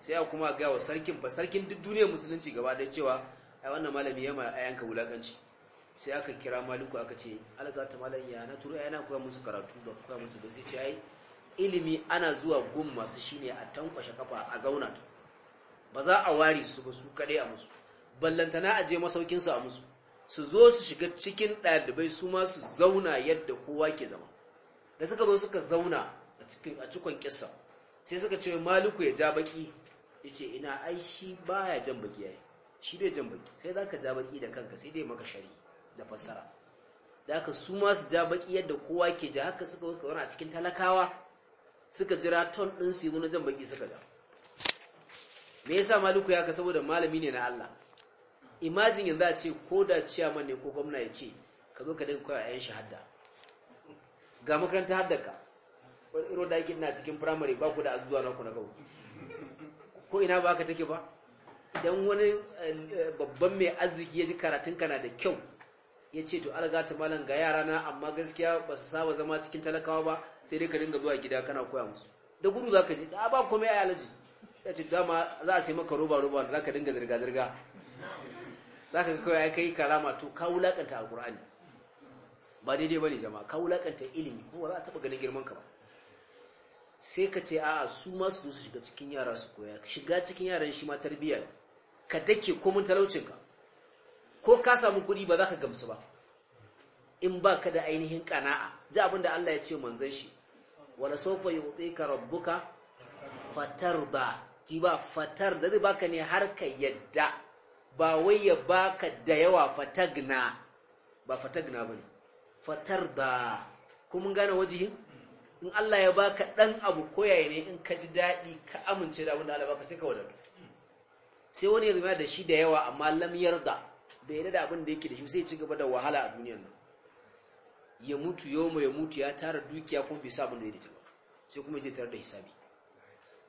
sai ya kuma ga wa sarkin ba sarkin duk duniyar musulunci gaba da cewa ai wannan malami yana ayanka wulakanci sai aka kira maluku aka ce algata malam ya na turu yana koya musu karatu ba koya musu ba sai ce ai ilimi ana zuwa gun masu shine a tankwashe kafa a zauna ta ba za a ware su ba su kadai a musu ballantana a je masaukin su a musu su zo su shiga cikin ɗalibai su ma su zauna yadda kowa ke zama da suka zo suka zauna a cikin a cikon kissa sai suka ce maliku ya ja baki yace ina ai shi baya jan baki yayi shi bai jan baki sai zaka ja baki da kanka sai dai maka shari'a da fassara da haka su ma su ja baki yadda kowa ke ja haka suka suka wani a cikin talakawa suka jira ton ɗin su yi jan baki suka ga me yasa maliku ya ka saboda malami ne na Allah imajin yanzu a ce ko da ciyaman ne ko gwamna ya ce ka zo ka dinga koya a yan shahada ga makaranta haddaka wani iro da na cikin firamare ba ku da azuwa na ku na kawo ko ina ba ka take ba idan wani eh, babban mai arziki ya ji karatun kana da kyau ya ce to alga ta malam ga yara na amma gaskiya ba su saba zama cikin talakawa ba sai dai ka dinga zuwa gida kana koya musu da gudu za ka je a ba komai a yalaji ya ce dama za a sai maka roba roba da za ka dinga zirga zirga za ka kawai aka kai karama to ka wulakanta alkur'ani ba daidai ba ne jama'a ka wulakanta ilimi ko ba za a taɓa ganin girman ka ba sai ka ce a'a su ma su shiga cikin yara su koya shiga cikin yaran shi ma tarbiyya ka dake komin talaucinka ko ka samu kuɗi ba za ka gamsu ba in ba ka da ainihin ƙana'a ji abin da Allah ya ce manzan shi wala sofa yi utse ka rabbuka fatar da ji ba fatar da zai baka ne har ka yadda ba wai ya baka da yawa fatagna ba fatagna ba ne fatar da kuma gane wajihin in Allah ya baka ɗan abu koyaye ne in ka ji daɗi ka amince da abin da Allah baka sai ka wadatu sai wani ya zama da shi da yawa amma lam yarda bai yarda da abin da yake da shi sai ci gaba da wahala a duniyar nan ya mutu yau ya mutu ya tara dukiya kuma bai sa abin da ya dace ba sai kuma zai tarar da hisabi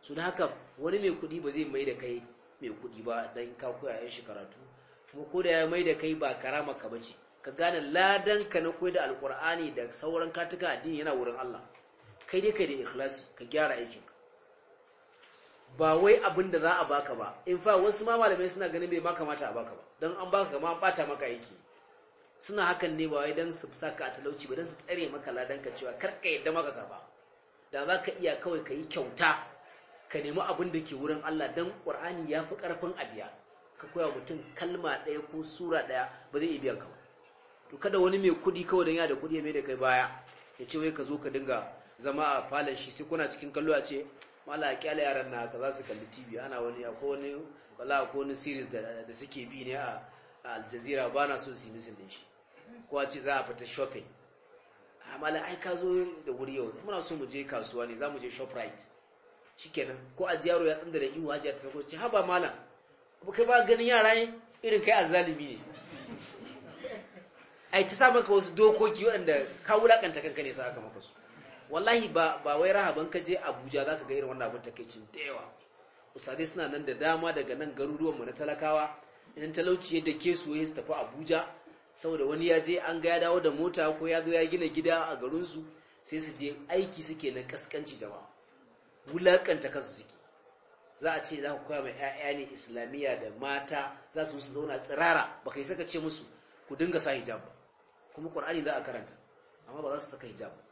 su da haka wani mai kuɗi ba zai mai da kai mai kuɗi ba don ka koya yan shi karatu kuma ko da ya mai da kai ba karama ka bace ka gane ladan ka na koyar da alkur'ani da sauran katuka addini yana wurin Allah kai dai kai da ikhlas ka gyara aikinka ba wai abin da za a baka ba in fa wasu ma malamai suna ganin bai ma kamata a baka ba don an baka gama an bata maka aiki suna hakan ne ba wai don su sa ka a talauci ba don su tsare maka ladan ka cewa kar ka yadda maka karba da za ka iya kawai ka yi kyauta ka nemi abin da ke wurin Allah don ƙur'ani ya fi ƙarfin abiya ka koya mutum kalma ɗaya ko sura ɗaya ba zai iya biyan ka ba to kada wani mai kuɗi kawai don yana da kuɗi ya mai da kai baya ya ce wai ka zo ka dinga zama a falon shi sai kuna cikin kallo a ce mala kyale yaran na ka za su kalli tv ana wani akwai wani wala akwai wani series da suke bi ne a aljazira ba na so su misin shi ko a ce za a fita shopping a ah, mala ai ka zo da wuri yau muna so mu je kasuwa ne za mu je shoprite shikenan ko a ji yaro ya tsanda da iwu hajiya ta sako haba malam abu kai ba ganin yara ne irin kai azzalimi ne ai ta samun ka wasu dokoki waɗanda ka wulakanta kanka ne sa aka maka su wallahi ba ba wai rahaban ka je Abuja zaka ga irin wannan abin takeicin da yawa usade suna nan da dama daga nan garuruwan mu na talakawa idan talauci ya dake su ya tafi Abuja saboda wani ya je an ga ya dawo da mota ko ya zo ya gina gida a garin su sai su je aiki suke na kaskanci jama'a wulakanta kansu suke za a ce za ku koya mai 'ya'ya ne islamiyya da mata za su su zauna tsirara ba kai saka ce musu ku dinga sa hijab ba kuma qur'ani za a karanta amma ba za su saka hijab ba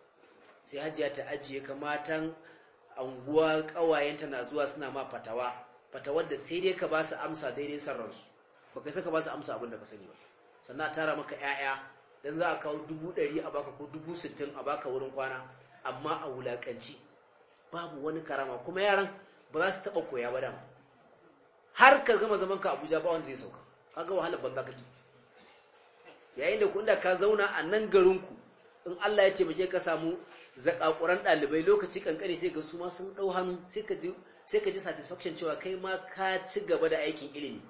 sai hajiya ta ajiye ka matan anguwa ƙawayenta na zuwa suna ma fatawa fatawar da sai dai ka ba su amsa daidai san ransu ba kai saka ba su amsa abin da ka sani ba sannan a tara maka 'ya'ya dan za a kawo dubu ɗari a baka ko dubu sittin a baka wurin kwana amma a wulaƙanci babu wani karama kuma yaran ba za su taɓa koya ba dama har ka gama zaman ka abuja ba wanda zai sauka kaga wahalar baka ki yayin da kun da ka zauna a nan garinku in Allah ya taimake ka samu zakakuran ɗalibai lokaci kankani sai ga su ma sun ɗau hannu sai ka ji satisfaction cewa kai ma ka ci gaba da aikin ilimi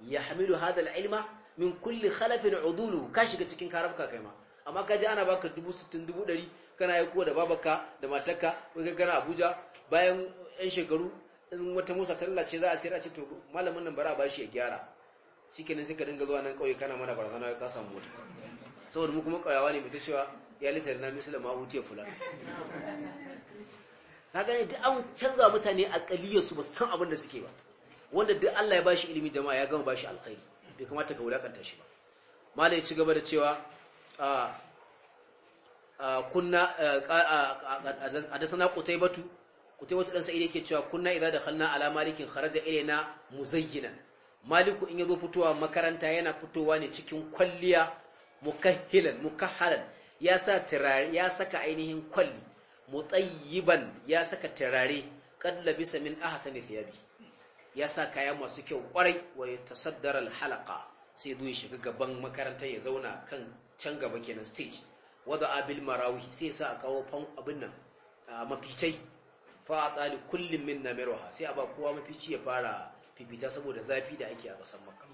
ya hamilu hadal ilma min kulli khalafin udulu ka shiga cikin karabka kai ma amma ka ji ana baka dubu sittin dubu ɗari kana kuwa da babaka da matarka wai kana abuja bayan yan shekaru in wata musa ta lalace za a sayar a ce to malamin nan bara a bashi ya gyara shikenan sai ka dinga zuwa nan ƙauye kana mana barazana ka samu wata saboda mu kuma kawai ne mu ta cewa ya litar na misali ma wuce fulan ka gane duk an canza mutane a kaliyarsu ba san abin da suke ba wanda duk Allah ya bashi ilimi jama'a ya gama bashi alkhairi bai kamata ka wulakanta shi ba malai ci gaba da cewa kunna batu kutai batu dan sa'id yake cewa kunna idza dakhalna ala malikin kharaja ilaina muzayyinan maliku in ya zo fitowa makaranta yana fitowa ne cikin kwalliya mukahhilan mukahhalan ya sa turare ya saka ainihin kwalli mutayyiban ya saka turare kad labisa min ahsani thiyabi ya sa kaya masu kyau kwarai wa yatasaddara alhalqa sai ya shiga gaban makarantar ya zauna kan can gaba kenan stage wada abil marawi sai sa a kawo fan abin nan mafitai fa a tsali kullum min namiruha sai a ba kowa mafici ya fara fifita saboda zafi da ake a ƙasar makka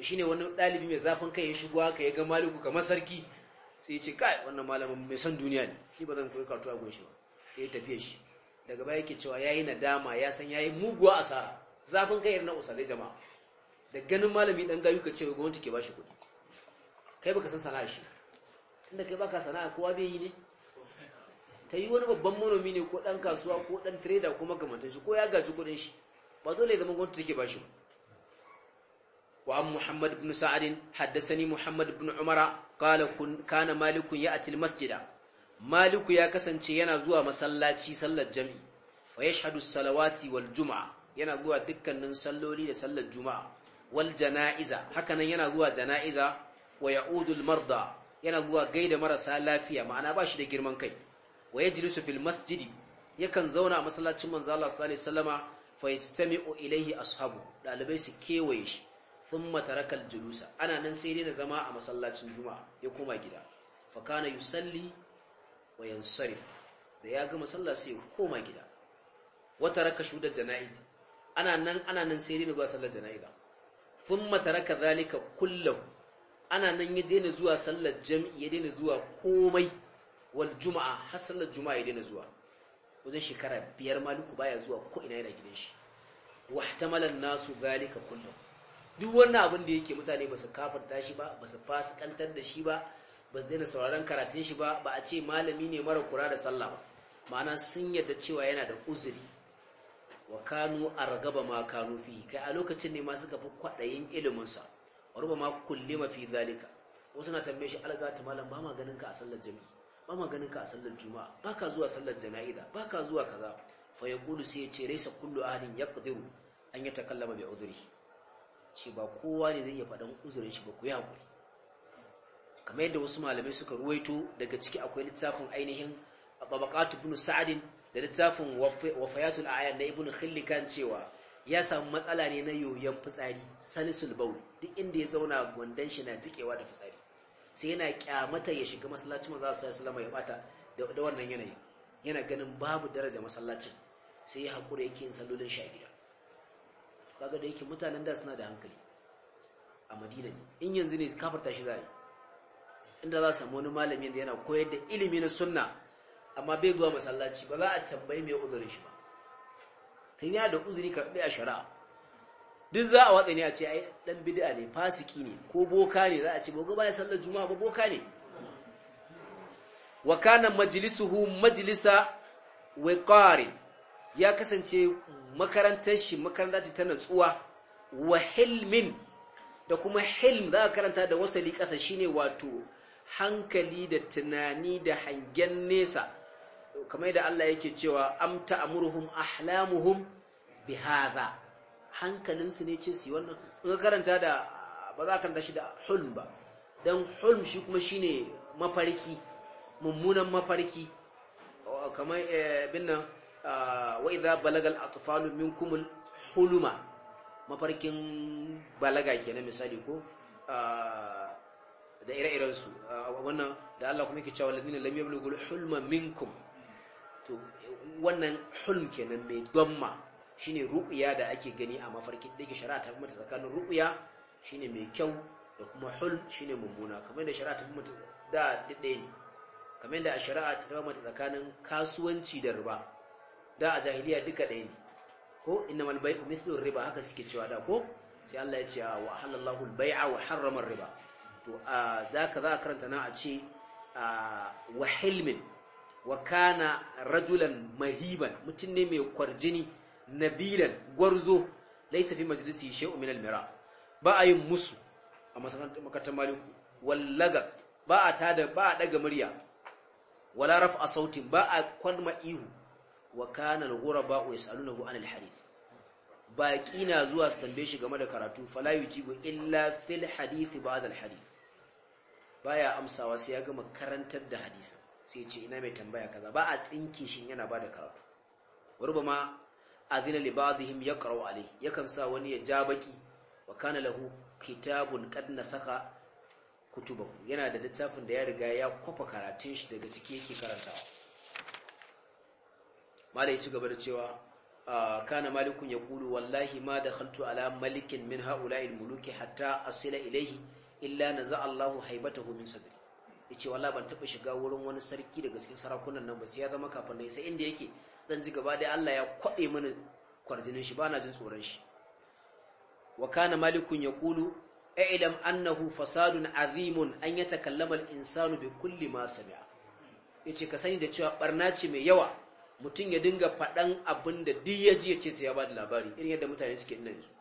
shi shine wani ɗalibi mai zafin kai ya shigo ka ya ga maliku kamar sarki sai ya ce kai wannan malamin mai san duniya ne shi ba zan koyi karatu a gunshi ba sai ya tafiye shi daga baya yake cewa yayi nadama ya san ya yi muguwa a asara zafin kai na usalai jama'a da ganin malami dan gayu ka ce gwamnati ke bashi kuɗi kai baka san sana'a shi tunda kai baka sana'a kowa bai yi ne ta yi wani babban manomi ne ko dan kasuwa ko dan trader kuma gamantan shi ko ya gaji kuɗin shi ba dole ya zama gwamnati take bashi ba وعن محمد بن سعد حدثني محمد بن عمر قال كان مالك يأتي المسجد مالك يا kasance yana zuwa masallaci sallar jam'i wa yashhadu salawati wal yana zuwa dukkanin salloli da sallar juma'a wal janaiza hakanan yana zuwa janaiza wa ya'udu al marda yana zuwa gaida marasa lafiya ma'ana bashi da girman kai wa yajlisu fil masjidi yakan zauna a masallacin manzo Allah sallallahu alaihi wasallama fa yajtami'u ilayhi ashabu dalibai su kewaye shi thumma tarakal julusa ana nan sai dai zama a masallacin juma'a ya koma gida fa kana yusalli wa yansarif da ya gama sallah sai ya koma gida wa taraka shudar janaiz ana nan ana nan sai dai zuwa sallar janaiza thumma taraka zalika kullu ana nan ya daina zuwa sallar jami'i ya daina zuwa komai wal juma'a har sallar juma'a ya daina zuwa wajen shekara biyar maluku baya zuwa ko ina yana gidan shi wahtamala nasu zalika kullum. duk wannan abin da yake mutane ba su kafarta shi ba ba su fasikantar da shi ba ba su daina sauraron karatun shi ba ba a ce malami ne mara kura da sallah ba ma'ana sun yarda cewa yana da uzuri wa a ragaba ma kanu fi kai a lokacin ne masu gafi kwaɗayin iliminsa wa ruba ma kulle mafi zalika wasu na tambaye shi algata malam ba ma ganin ka a sallar jami ba ma ganin ka a sallar juma'a ba ka zuwa sallar jana'iza ba ka zuwa kaza fa ya sai ya ce raisa kullu ahadin yaqdiru an yatakallama bi uzuri ce ba kowa ne zai iya faɗan uzurin shi ba ku yi haƙuri kamar yadda wasu malamai suka ruwaito daga ciki akwai littafin ainihin babakatu ibn sa'adin da littafin wafayatul ayan na ibn khillikan cewa ya samu matsala ne na yoyon fitsari salisul baul duk inda ya zauna gwandan shi na jikewa da fitsari sai yana kyamata ya shiga masallacin manzo sallallahu alaihi wasallam ya bata da wannan yanayi yana ganin babu daraja masallacin sai ya hakura yake yin sallolin shi kaga da yake mutanen da suna da hankali a madina ne in yanzu ne kafarta shi zai inda za samu wani malami da yana koyar da ilimi na sunna amma bai zuwa masallaci ba za a tambayi mai uzurin shi ba tun yana da uzuri karɓi a shara duk za a watsa ne a ce ai dan bid'a ne fasiki ne ko boka ne za a ce boka baya sallar juma'a ba boka ne wa kana majlisuhu majlisa wiqari ya kasance makarantar shi makaranta ta natsuwa wa hilmin da kuma hilm za a karanta da wasali ƙasa shine wato hankali da tunani da hangen nesa kamar yadda Allah yake cewa amta amurhum ahlamuhum bihadha hankalinsu ne ce su wannan in karanta da ba za ka karanta shi da hulm ba dan hulm shi kuma shine mafarki mummunan mafarki kamar eh, binnan wa idza balagal atfalu minkum huluma mafarkin balaga kenan misali ko da ire-iren su wannan da Allah kuma yake cewa ladina lam yablugul hulma minkum to wannan hulm kenan mai damma shine ru'ya da ake gani a mafarkin da shari'a ta kuma tsakanin ru'ya shine mai kyau da kuma hulm shine mummuna kamar da shari'a ta kuma da dade ne kamar da shari'a ta kuma tsakanin kasuwanci da riba da a jahiliya duka ɗaya ne ko innamal bai'u mithlu riba haka suke cewa da ko sai Allah ya ce ah, wa halallahu al-bai'a wa harrama riba to zaka ah, za karanta na a ce ah, wa hilmin wa kana rajulan mahiban mutum ne mai kwarjini nabilan gwarzo laysa fi majlisi shay'u min al-mira ba a yin musu a makatan maliku wallaga ba a tada ba a daga murya wala rafa sautin ba a kwalma ihu wa kana al-ghuraba yasalunahu an al-hadith baqi na zuwa su shi game da karatu fala yujibu illa fil hadith ba'd al-hadith baya amsawa sai ya gama karantar da hadisi sai ce ina mai tambaya kaza ba a tsinki shin yana ba da karatu rubama azina li ba'dihim yaqra'u alayhi yakan sa wani ya ja baki wa kana lahu kitabun qad nasakha kutubahu yana da littafin da ya riga ya kwafa karatun shi daga ciki yake karantawa malai ya ci gaba da cewa ah, kana malikun ya kulu wallahi ma da khaltu ala malikin min ha'ula'il muluki hatta asila ilaihi illa na za Allahu haibatahu min sadri ya ce wallahi ban taba shiga wurin wani sarki daga cikin sarakunan nan ba sai ya zama kafin na isa inda yake zan ji gaba da Allah ya kwaɓe mini kwarjinin shi bana jin tsoron shi wa kana malikun ya kulu fasadun azimun an عظيم أن insanu bi kulli ما Ya yace ka sani da cewa barna ce mai yawa mutum ya dinga faɗan abin da duk ya ji ya ce sai ya ba da labari irin yadda mutane suke nan yanzu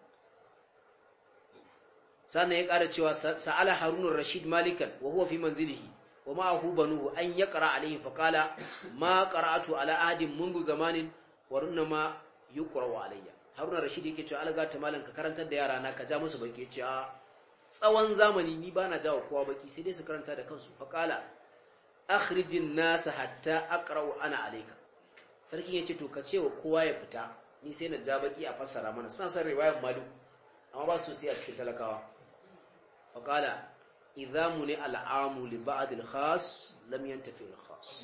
sannan ya ƙara cewa sa'ala harunar rashid malikan wa huwa fi manzilihi wa ma'ahu banuhu an ya ƙara alaihi faƙala ma ƙara'atu ala ahadin mundu zamanin wa runna ma yi ƙurawa alayya harunar rashid yake cewa alaga ta malam ka karantar da yara na ka ja musu baki ce a tsawon zamani ni ba na jawo kowa baki sai dai su karanta da kansu faƙala akhrijin nasa hatta aqra'u ana alayka sarkin ya ce to ka ce wa kowa ya fita ni sai na ja baki a fassara mana suna san riwayar malu amma ba su sai a cikin talakawa faqala izamu ne al'amu li ba'adil khas lam yantafi al-khas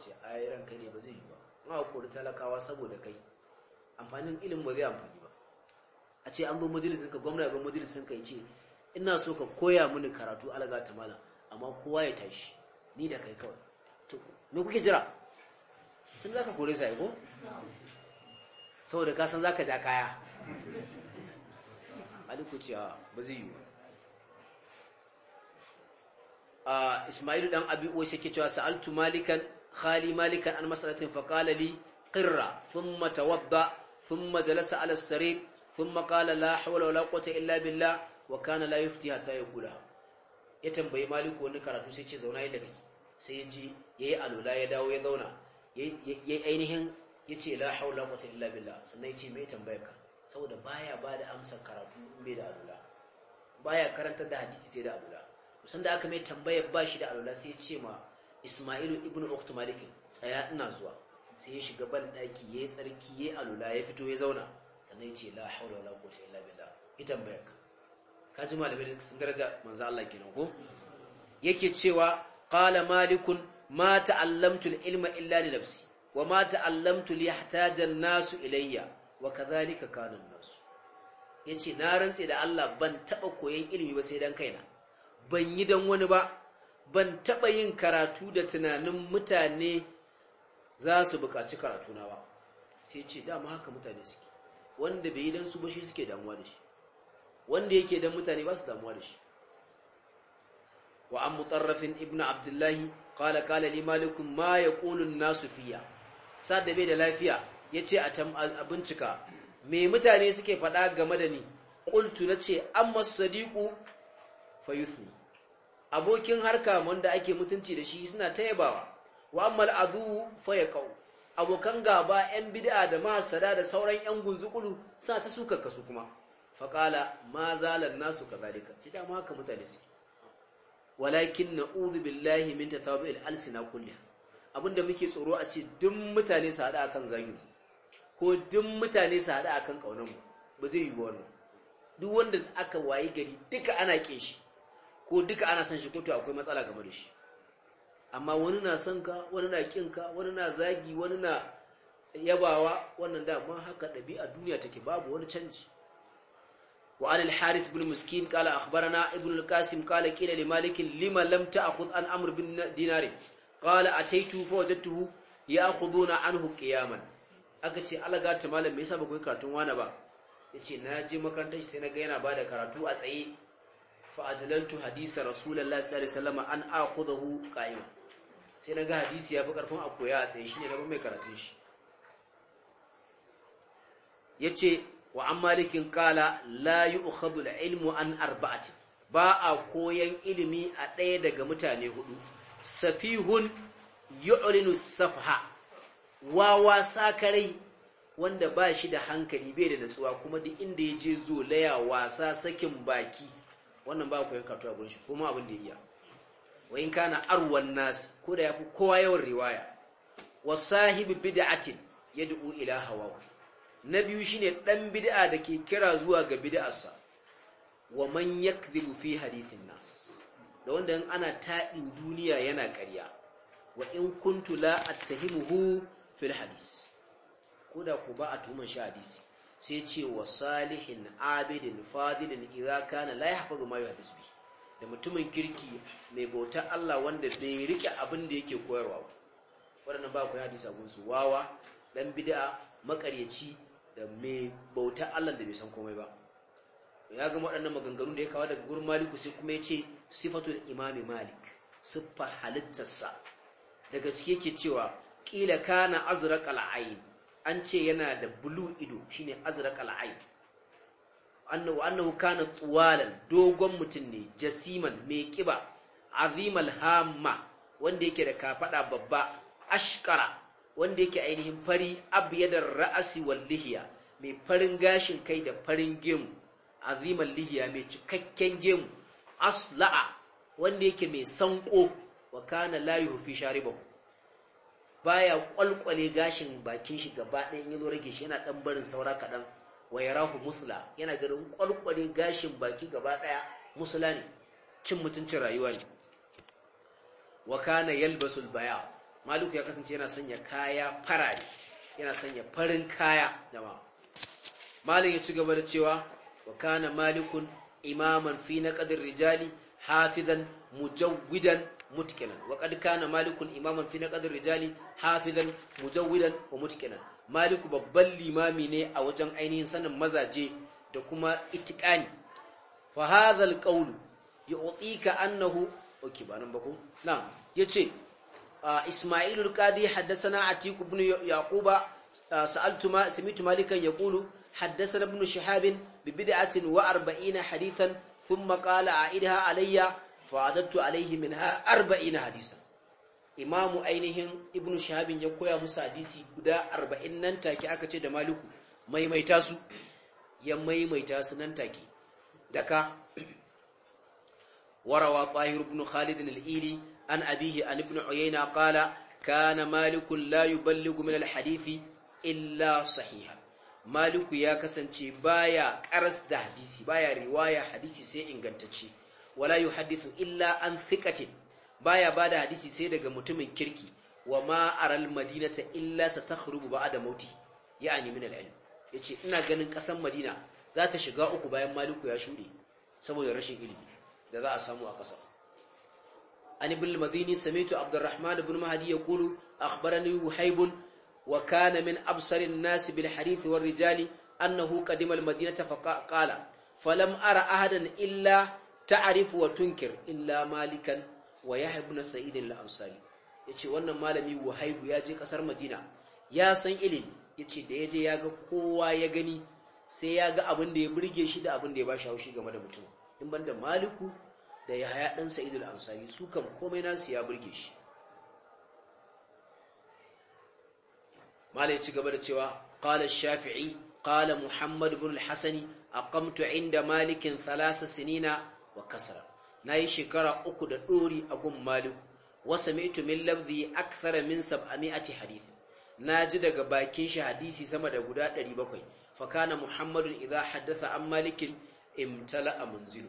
ce ai ranka ne ba zai yi ba na kori talakawa saboda kai amfanin ilimin ba zai amfani ba a ce an zo majalisin ka gwamna ya zo majalisin ka ya ce ina so ka koya mini karatu alaga ta malam amma kowa ya tashi ni da kai kawai to me kuke jira tun za ka kore su ko? saboda kasan za ka ja kaya aliku cewa ba zai yi wa ismailu dan abi uwa shi cewa sa'altu malikan khali malikan an masalatin faƙala li qirra thumma tawadda thumma jalasa ala sarir thumma qala la hawla wala quwwata illa billah wa kana la yufti hatta yaqula ya tambayi maliku wani karatu sai ce zauna yadda daga sai ya ji yayi alula ya dawo ya zauna ya ainihin ya ce la haula wata illa sannan ya ce mai tambayar ka saboda baya ba da amsar karatu mai da alula baya karantar da hadisi sai da alula kusan da aka mai tambaya ba shi da alula sai ya ce ma ismailu ibn uktu malik tsaya ina zuwa sai ya shiga ban daki ya yi tsarki ya yi alula ya fito ya zauna sannan ya ce la haula wala quwwata illa billah ya tambayar ka ka ji malamai sun daraja manzo Allah nan ko yake cewa qala malikun ma ta'allamtu al-ilma illa li nafsi wa ma ta'allamtu ya yahtaja nasu ilayya wa ka kana an-nasu yace na rantse da Allah ban taba koyon ilimi ba sai dan kaina ban yi don wani ba ban taɓa yin karatu da tunanin mutane za su buƙaci karatuna ba sai ce dama haka mutane suke wanda bai yi dan su ba shi suke damuwa da shi wanda yake mutane ba su damuwa da shi wa an mutarrafin ibnu abdullahi qala qala li malikum ma yaqulu an-nasu fiya sadda bai da lafiya ya ce a bincika me mutane suke faɗa game da ni qultu ce amma sadiqu fayuthni abokin harka wanda ake mutunci da shi suna tayabawa wa amma al-adu kau. abokan gaba yan bid'a da masada da sauran yan gunzukulu suna ta suka kasu kuma faqala ma zalan nasu kadhalika ce da haka mutane suke walakin na'udhu billahi min tatabu'il alsina kulliha abinda muke tsoro a ce duk mutane su hada akan zagi ko duk mutane su haɗa akan kaunan mu ba zai yi wani duk wanda aka wayi gari duka ana kin shi ko duka ana san shi ko to akwai matsala game da shi amma wani na son ka wani na kin ka wani na zagi wani na yabawa wannan mun haka ɗabi'a duniya take babu wani canji وعن الحارث بن مسكين قال أخبرنا ابن القاسم قال قيل لمالك لما لم تأخذ عن أمر بن دينار قال أتيت فوجدته يأخذون عنه قياما أكتي على قات مالا ميسا بكوي كراتون وانا با يتي ناجي مكانتا سينا غينا بعد كراتو أسعي فأجللت حديث رسول الله صلى الله عليه وسلم أن أخذه قائما سينا غا حديث يا بكر كون أكويا أسعي شيني نبا مي كراتون شي يتي wa an malikin kala la yi da ilmu an arba'atin ba a koyan ilimi a ɗaya daga mutane hudu safihun yu'linu safha wasa sakarai wanda ba shi da hankali bai da natsuwa kuma duk inda ya je zo laya wasa sakin baki wannan ba koyan karatu a gurin shi kuma abin da ya iya wa in kana arwan nas ko da yafi kowa yawan riwaya wa sahibi bid'atin yad'u ila hawawa na biyu shine ɗan bid'a da ke kira zuwa ga bid'arsa wa man yakdhibu fi hadithin nas da wanda in ana taɗin duniya yana ƙarya wa in kuntu la attahimuhu fil hadis koda ku ba a tuhuman shi hadisi sai ce wa salihin abidin fadilin idza kana la yahfazu ma yuhadis bi da mutumin kirki mai bautar Allah wanda bai rike abin da yake koyarwa waɗannan ba ku hadisa gunsu wawa dan bid'a makaryaci da mai bauta Allah da bai san komai ba ya ga waɗannan maganganu da ya kawo daga gurin maliku sai kuma ya ce sifatul imami malik siffa halittarsa da gaske ke cewa ƙila kana azraq al'ain an ce yana da bulu ido shine azraq al'ain annahu annahu kana tuwalan dogon mutum ne jasiman mai ƙiba. azimal Hama wanda yake da kafaɗa babba ashkara wanda yake ainihin fari abyadar ra'asi wal lihiya mai farin gashin kai da farin gemu aziman lihiya mai cikakken gemu asla'a wanda yake mai sanko wa kana la yuhfi sharibu baya kwalkwale gashin bakin shi gaba ɗaya in rage shi yana dan barin saura kaɗan wa yarahu musla yana ganin kwalkwale gashin baki gaba ɗaya musla ne cin mutuncin rayuwa ne wa kana yalbasul bayad maliku ya kasance yana sanya kaya farare yana sanya farin kaya ma malik ya ci gaba da cewa wa kana malikun imaman fi naqdir rijali hafizan mujawwidan mutqinan wa qad kana malikun imaman fi naqdir rijali hafizan mujawwidan wa mutqinan maliku babban limami ne a wajen ainihin sanin mazaje da kuma itiqani fa hadha alqawlu yu'tika annahu okay ba nan ba yace إسماعيل القاضي حدثنا عتيق بن يعقوب سألت ما سمعت مالكا يقول حدثنا a شهاب ببدعة وأربعين حديثا ثم قال a علي فعددت عليه منها أربعين حديثا imamu ainihin ibn shahabin ya koya musu hadisi guda arba'in nan take aka ce da maliku maimaita su ya maimaita su nan take daka warawa tahir ibn khalid al-ili an abihi an ibn uyayna qala kana malik la yuballighu min alhadisi illa sahiha maliku ya kasance baya karas da hadisi baya riwaya hadisi sai ingantacce wala yuhaddithu illa an thiqatin baya bada hadisi sai daga mutumin kirki wa ma aral madinata illa satakhrubu ba'da mauti ya'ni min al yace ina ganin kasan madina za ta shiga uku bayan maliku ya shuɗe saboda rashin ilimi da za a samu a ƙasa عن ابن المديني سمعت عبد الرحمن بن مهدي يقول أخبرني وحيب وكان من أبصر الناس بالحديث والرجال أنه قدم المدينة فقال فلم أرى أحدا إلا تعرف وتنكر إلا مالكا ويحيى بن سعيد الأنصاري yace wannan malami wahaibu ya je kasar Madina ya san ilimi yace da yaje ya ga kowa ya gani sai ya ga abin da ya burge shi da abin da ya bashi haushi game da mutum in banda Maliku da Yahaya dan Sa'id al-Ansari su kan komai nasu ya burge shi malai ci gaba da cewa qala shafii qala muhammad ibn al-hasan aqamtu inda malik thalatha sinina wa kasra nayi shekara uku da dori a gun malik wa sami'tu min labdhi akthara min 700 hadith naji daga bakin shi hadisi sama da guda 700 fa kana muhammadun idha haddatha an malikin imtala munzilu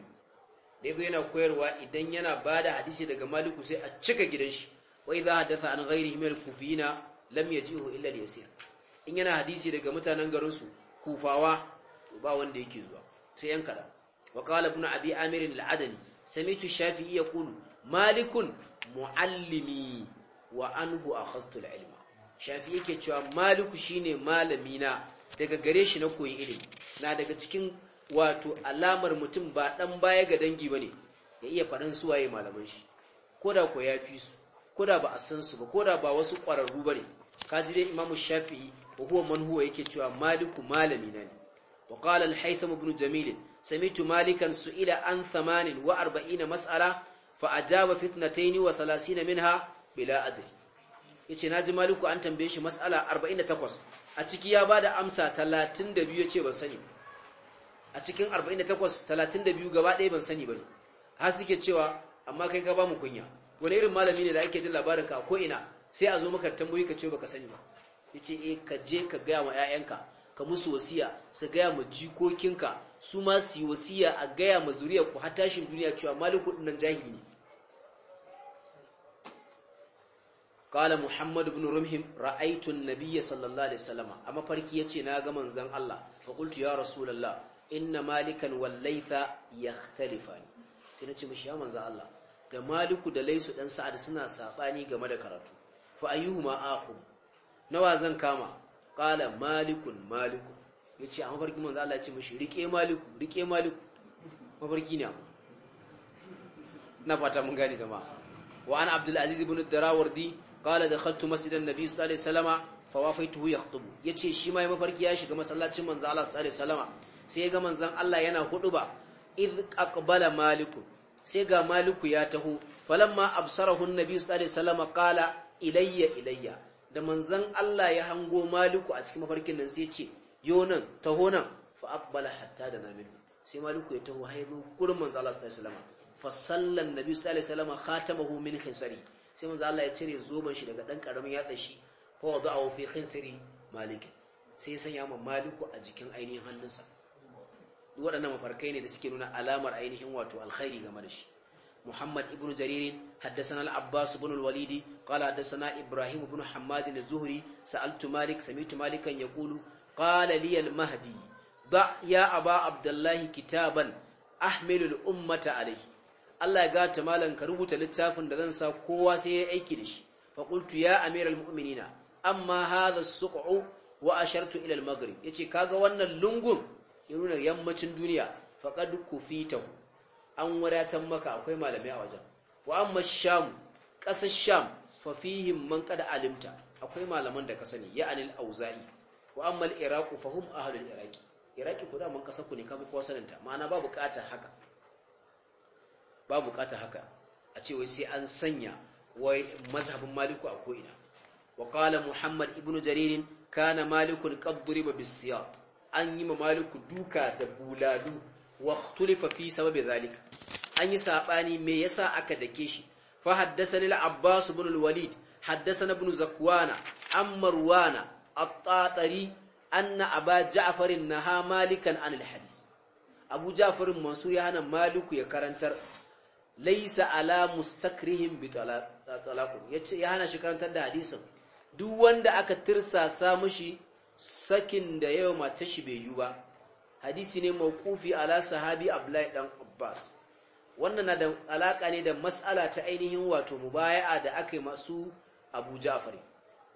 da yana koyarwa idan yana ba da hadisi daga maliku sai a cika gidan shi wa idza hadatha an ghairihi min kufina kufiyina lam yajihu illa al-yasir in yana hadisi daga mutanen garin su kufawa ba wanda yake zuwa sai yan kada wa qala ibn abi amir al-adani samitu shafi'i yaqulu malikun muallimi wa anhu a al-ilma shafi yake cewa maliku shine malami na daga gare shi na koyi ilimi na daga cikin wato alamar mutum ba ɗan baya ga dangi ba ne ya iya faɗan suwaye malaman shi ko da ko ya fi su ko da ba a san su ba ko da ba wasu ƙwararru ba ne ka dai imamu shafi'i wa huwa man huwa yake cewa maliku malami na ne wa qala al-haysam ibn jamil sami'tu malikan su'ila an wa arba'ina mas'ala fa ajaba fitnatayn wa 30 minha bila adri yace naji maliku an tambaye shi mas'ala 48 a ciki ya bada amsa 32 yace ban sani ba a cikin 48 32 gaba ɗaya ban sani ne har suke cewa amma kai ka ba mu kunya wani irin malami ne da ake jin labarin ka ko ina sai a zo maka tambayi ka ce baka sani ba yace eh ka je ka gaya ma 'ya'yanka ka musu wasiya su gaya ma jikokinka su ma su yi wasiya a gaya ma zuriyar ku har tashin duniya cewa maliku dinnan jahili ne Kala muhammad ibn rumhim ra'aytu an nabiyya sallallahu alaihi wasallam amma farki yace na ga manzon Allah fa qultu ya rasulullah inna malikan wal laytha yakhtalifani sai na ce mishi ya manzo Allah da maliku da laisu dan sa'ad suna sabani game da karatu fa ayyuhuma akhum nawa zan kama qala malikun malikun yace amma barki manzo Allah ya ce mishi rike maliku rike maliku Mafarki ne na fata mun gane jama'a wa an abdul aziz ibn ad-darawardi qala dakhaltu masjidan nabiy sallallahu alaihi wasallam fawafaituhu yakhutubu yace shi ma ya mafarki ya shiga masallacin manzo Allah sallallahu alaihi wasallama sai ga manzon Allah yana huduba id aqbala maliku sai ga maliku ya taho falamma absarahu annabi sallallahu alaihi wasallama qala ilayya ilayya da manzon Allah ya hango maliku a cikin mafarkin nan sai ce yonan, taho nan fa aqbala hatta da naminu sai maliku ya taho haizo gurin manzo Allah sallallahu alaihi wasallama fa sallan nabi sallallahu alaihi wasallama khatamahu min khisari sai manzo Allah ya cire zoban shi daga dan karamin yatsa shi fawada'ahu fi khinsiri malik sai sanya mu maliku a jikin ainihin hannunsa duk waɗannan mafarkai ne da suke nuna alamar ainihin wato alkhairi game da shi muhammad ibnu jarir haddathana al-abbas ibn walidi qala haddathana ibrahim ibn hammad al-zuhri sa'altu malik samitu malikan ya kulu li al-mahdi da ya aba abdullahi kitaban ahmilu al-ummata alayhi Allah ya gata malam ka rubuta littafin da zan sa kowa sai ya yi aiki da shi fa qultu ya amiral mu'minina amma hadha suku wa ashartu ila al-maghrib yace kaga wannan lungun ya nuna yammacin duniya faqad kufitahu an wadatan maka akwai malamai a wajen wa amma sham kasar sham fa fihim man qad alimta akwai malaman da ka sani ya anil auza'i wa amma al-iraq fa hum al-iraq iraqi ku da mun kasar ku ne kafi ko saninta ma'ana ba bukatar haka ba bukatar haka a ce wai sai an sanya wai mazhabin maliku a ko'ina وقال محمد ابن جرير كان مالك قد ضرب بالسياط أن يما مالك دوكا دبولادو واختلف في سبب ذلك أن يسابني مي يسا أكدكيشي فحدثني العباس بن الوليد حدثنا ابن زكوان عن مروان الطاطري أن أبا جعفر نهى مالكا عن الحديث أبو جعفر منصور يهنا مالك يكرنتر ليس على مستكرهم بطلاق يهنا شكرنتر ده حديثه duk wanda aka tirsasa mushi sakin da yau mata shi bai yi ba hadisi ne mawqufi ala sahabi abdullahi dan abbas wannan na da alaka ne da mas'ala ta ainihin wato mubaya'a da aka yi masu abu ja'far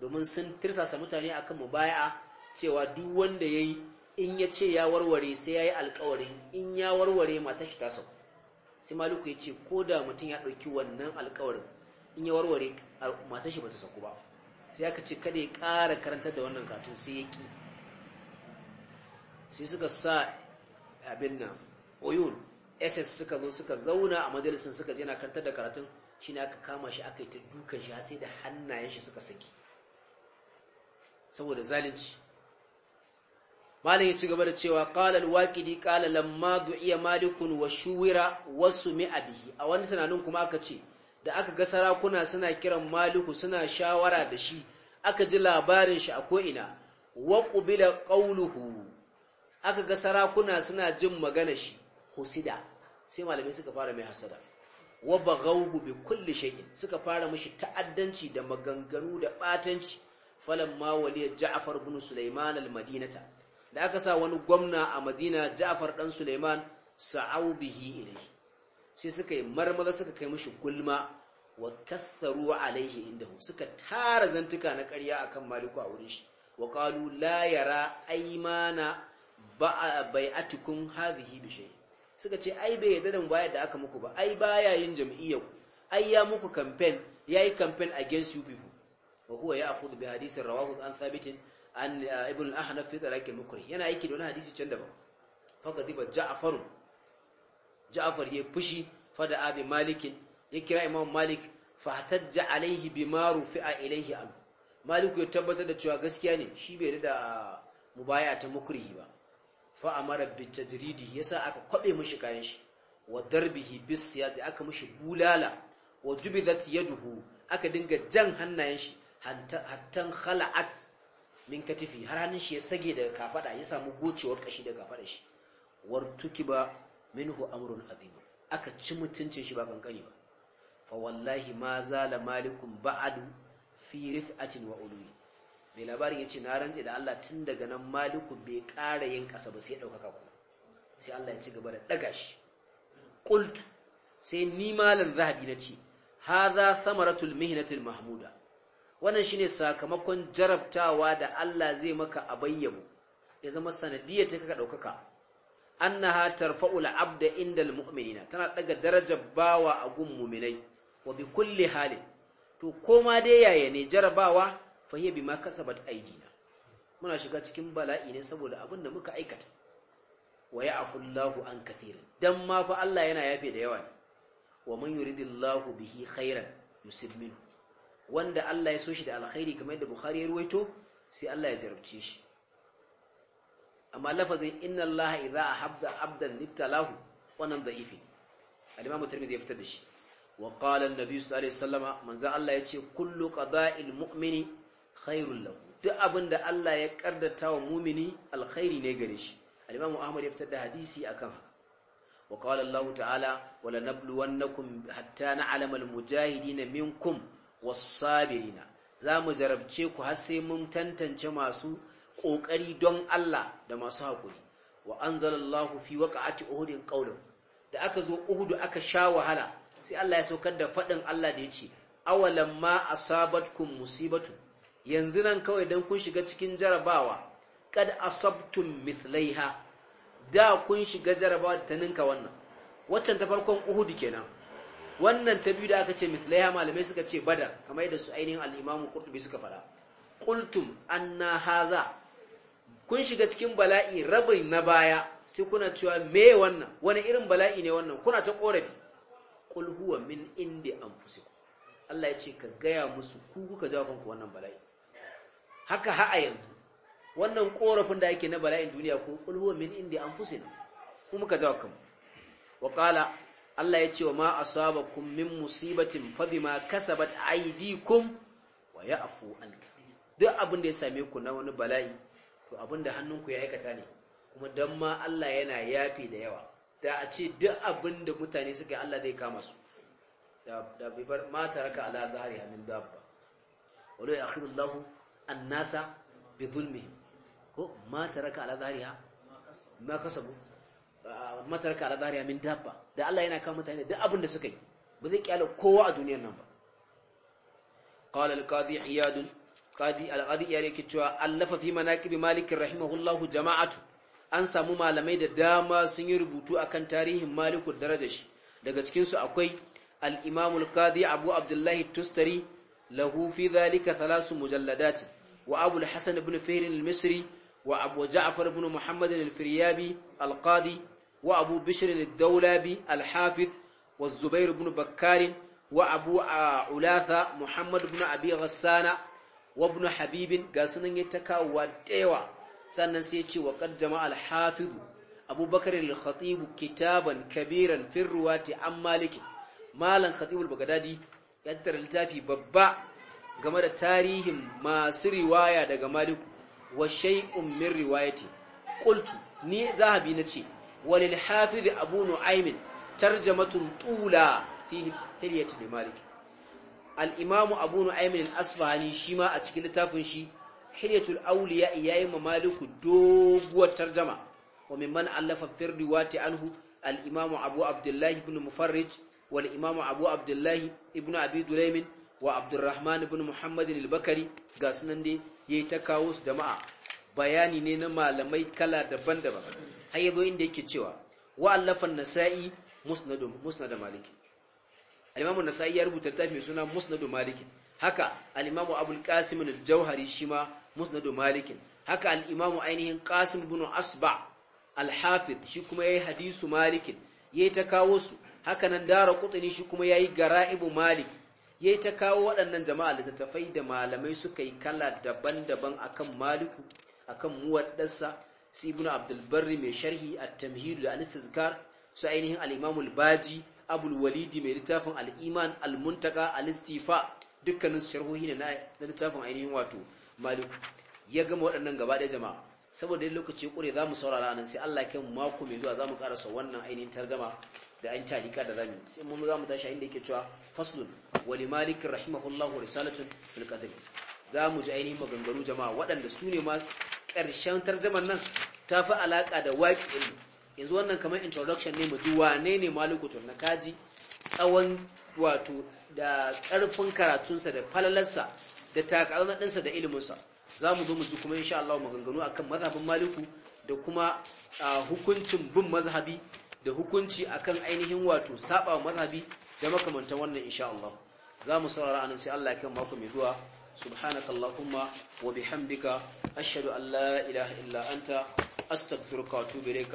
domin sun tirsasa mutane akan mubaya'a cewa duk wanda yayi in ya ce ya warware sai yayi alƙawarin in ya warware mata shi ta sau sai maliku ya ce ko da mutum ya ɗauki wannan alƙawarin in ya warware mata shi ba ta sauku ba sai aka ce kada ya ƙara karantar da wannan katon sai ya ƙi sai suka sa abin nan oyun ss suka zo suka zauna a majalisun suka je karanta karantar da karatun shi ne aka kama shi aka yi ta dukan shi sai da hannayen shi suka saki saboda zalunci malam ya ci gaba da cewa kalal wakidi kalalan ma du'iya malikun wa shuwira wasu mi'abihi a wani tunanin kuma aka ce da aka ga sarakuna suna kiran maliku suna shawara da shi aka ji labarin shi a ko'ina wa ƙubila ƙauluhu aka ga sarakuna suna jin magana shi husida sai malamai suka fara mai hasada wa baghawhu bi kulli shay'in suka fara mashi ta'addanci da maganganu da ɓatanci. Falon mawaliyar ja'afar bin sulaiman al-madinata da aka sa wani gwamna a madina ja'afar ɗan sulaiman sa'au bihi sai suka yi marmaza suka kai mashi gulma wa katharu alaihi indahu suka tara zantuka na ƙarya akan maliku a wurin shi wa qalu la yara aymana bai'atukum hadhihi bi shay suka ce ai bai yadda dan bayar da aka muku ba ai baya yin jam'iyyar ai ya muku campaign yayi campaign against you people wa huwa ya'khudhu bi hadithin rawahu an thabit an uh, ibn al-ahnaf fi talaq al-mukri yana aiki da wani hadisi can daban faqad diba ja'farun ja'far ya fushi fada abi malik ya kira imam malik hatajja alaihi bima rufi'a ilaihi an malik ya tabbatar da cewa gaskiya ne shi bai da mubaya ta mukrihi ba fa amara bi tadridi yasa aka kwabe mishi kayan shi wa darbihi bis siyadi aka mishi bulala wa jubidat yaduhu aka dinga jan hannayen shi hattan khala'at min katifi har hannun shi ya sage daga kafada ya samu gocewar kashi daga kafada shi wartuki ba minhu amrun azim aka ci mutuncin shi ba kankani ba fa wallahi ma zala malikum ba'adu fi rif'atin wa ulwi mai labarin yace na rantse da Allah tun daga nan maliku bai kara yin ƙasa ba sai ɗaukaka ku sai Allah ya ci gaba da ɗaga shi qult sai ni malam zahabi na ce hadha thamaratul mihnatil mahmuda wannan shine sakamakon jarabtawa da Allah zai maka a bayyabo ya zama sanadiyar ta kaka ɗaukaka annaha tarfa'u al-abda indal al-mu'minina tana daga darajar bawa a gun mu'minai wa bi kulli halin to koma dai yaya ne jarabawa fa hiya bima kasabat aidina muna shiga cikin bala'i ne saboda abin da muka aikata wa ya'fu Allahu an kathir dan ma fa Allah yana yafe da yawa wa man yuridillahu bihi khairan yusib minhu wanda Allah ya so shi da alkhairi kamar yadda Bukhari ya ruwaito sai Allah ya jarabce shi amma lafazin inna allaha idza ahabda abdan ibtalahu wannan da'ifi al-imam at-tirmidhi ya fitar da shi wa qala an-nabi sallallahu alaihi wasallama manzo Allah yace kullu qada'il mu'mini khairul lahu duk abinda Allah ya kardata wa mu'mini alkhairi ne gare shi al-imam ahmad ya fitar da hadisi akan haka wa qala Allah ta'ala wa lanabluwannakum hatta na al-mujahidin minkum was Za zamu jarabce ku har sai mun tantance masu ƙoƙari don Allah da masu haƙuri wa anzalallahu fi waqa'ati uhudin qawlan da aka zo uhudu aka sha wahala sai Allah ya saukar da faɗin Allah da ya yace awalan ma asabatkum musibatu yanzu nan kawai dan kun shiga cikin jarabawa kad asabtum mithlaiha da kun shiga jarabawa da ta ninka wannan waccan ta farkon uhudu kenan wannan ta biyu da aka ce mithlaiha malamai suka ce bada. kamar yadda su ainihin al-imamu suka faɗa qultum anna haza kun shiga cikin bala'i rabin na baya sai kuna cewa me wannan wani irin bala'i ne wannan kuna ta korafi kul huwa min indi anfusikum Allah ya ce ka gaya musu ku kuka jawo kanku wannan bala'i haka ha a yanzu wannan korafin da yake na bala'in duniya ko kul huwa min indi anfusina ku muka jawo kanku wa qala Allah ya ce wa ma asabakum min musibatin fa bima kasabat aydikum wa ya'fu an duk abin da ya same ku na wani bala'i to abinda hannunku ya aikata ne kuma don ma Allah yana yafi da yawa da a ce duk abinda mutane suka Allah zai kama su da bibar mata raka ala zahari hannun dabba wani ya akhiru lahu an nasa bi zulmi ko mata raka ala zahari ma kasabu ah, mata raka ala zahari min dabba da Allah yana kama mutane duk abinda suka yi ba zai kyale kowa a duniyar nan ba قال القاضي عياد qadi al-qadi ya yake cewa allafa fi manaqibi malik rahimahullahu jama'atu an samu malamai da dama sun yi rubutu akan tarihin maliku daraja shi daga cikin su akwai al-imam al-qadi abu abdullahi tustari lahu fi dhalika thalath mujalladat wa abu al-hasan ibn fihr al-misri wa abu ja'far ibn muhammad al-firyabi al-qadi wa abu bishr al-dawlabi al-hafiz wa zubair ibn bakkar wa abu uh, ulatha muhammad ibn abi ghassana wabnu habibin ga sunan ya ta kawowa da sannan sai ce wa kaddama alhafizu abubakar al kitaban kabiran Firruwati an maliki malam khatib al-bagdadi ya tattara littafi babba game da tarihin masu riwaya daga maliku wa shay'un min riwayati qultu ni zahabi nace walil hafiz abu nu'aymin tarjamatun tula fi hilyati malik al'imamu abu nu'aimin asfahani shi ma a cikin littafin shi hilyatul auliya yayi ma maliku doguwar tarjama wa mimman allafa wata anhu al'imamu abu abdullahi ibn mufarrij wal imamu abu abdullahi ibn abi dulaimin wa abdurrahman ibn muhammadin al-bakari ga sunan dai yayi ta kawo su jama'a bayani ne na malamai kala daban-daban har yabo inda yake cewa wa allafa nasa'i na musnad maliki al-imamu nasa'i ya rubuta littafi mai suna musnadu malikin haka al-imamu abul qasim al-jauhari shi musnadu malikin haka al-imamu ainihin qasim ibn asba al-hafiz shi kuma yayi hadisu malikin yayi ta kawo su haka nan dara qutni shi kuma yayi gara'ibu malik yayi ta kawo waɗannan jama'a littattafai da malamai suka yi kala daban-daban akan maliku akan muwaddarsa su ibnu abdul barri mai sharhi at-tamhid da al-istizkar su ainihin al-imamu al-baji abul walidi mai littafin al'iman al-muntaka al-istifa dukkanin sharhohi ne na littafin ainihin wato malik ya gama waɗannan gaba ɗaya jama'a saboda lokaci kure za mu saurara nan sai Allah kai mu mako mai zuwa za mu karasa wannan ainihin tarjama da an tarika da zamu sai mun za mu tashi inda yake cewa faslun wali Malikin, rahimahullahu risalatun fil qadr za mu ji ainihin maganganu jama'a waɗanda su ne ma ƙarshen tarjaman nan ta fi alaƙa da waƙi yanzu wannan kamar introduction ne mu ji wane ne maliku to kaji tsawon wato da karfin karatunsa da falalarsa da takarar ɗinsa da iliminsa za mu zo mu ji kuma insha Allah maganganu akan mazhabin maliku da kuma hukuncin bin mazhabi da hukunci akan ainihin wato saba mazhabi da makamantan wannan insha Allah za mu saurara anan sai Allah ya kai mako mai zuwa سبحانك اللهم وبحمدك أشهد أن لا إله إلا أنت أستغفرك وأتوب إليك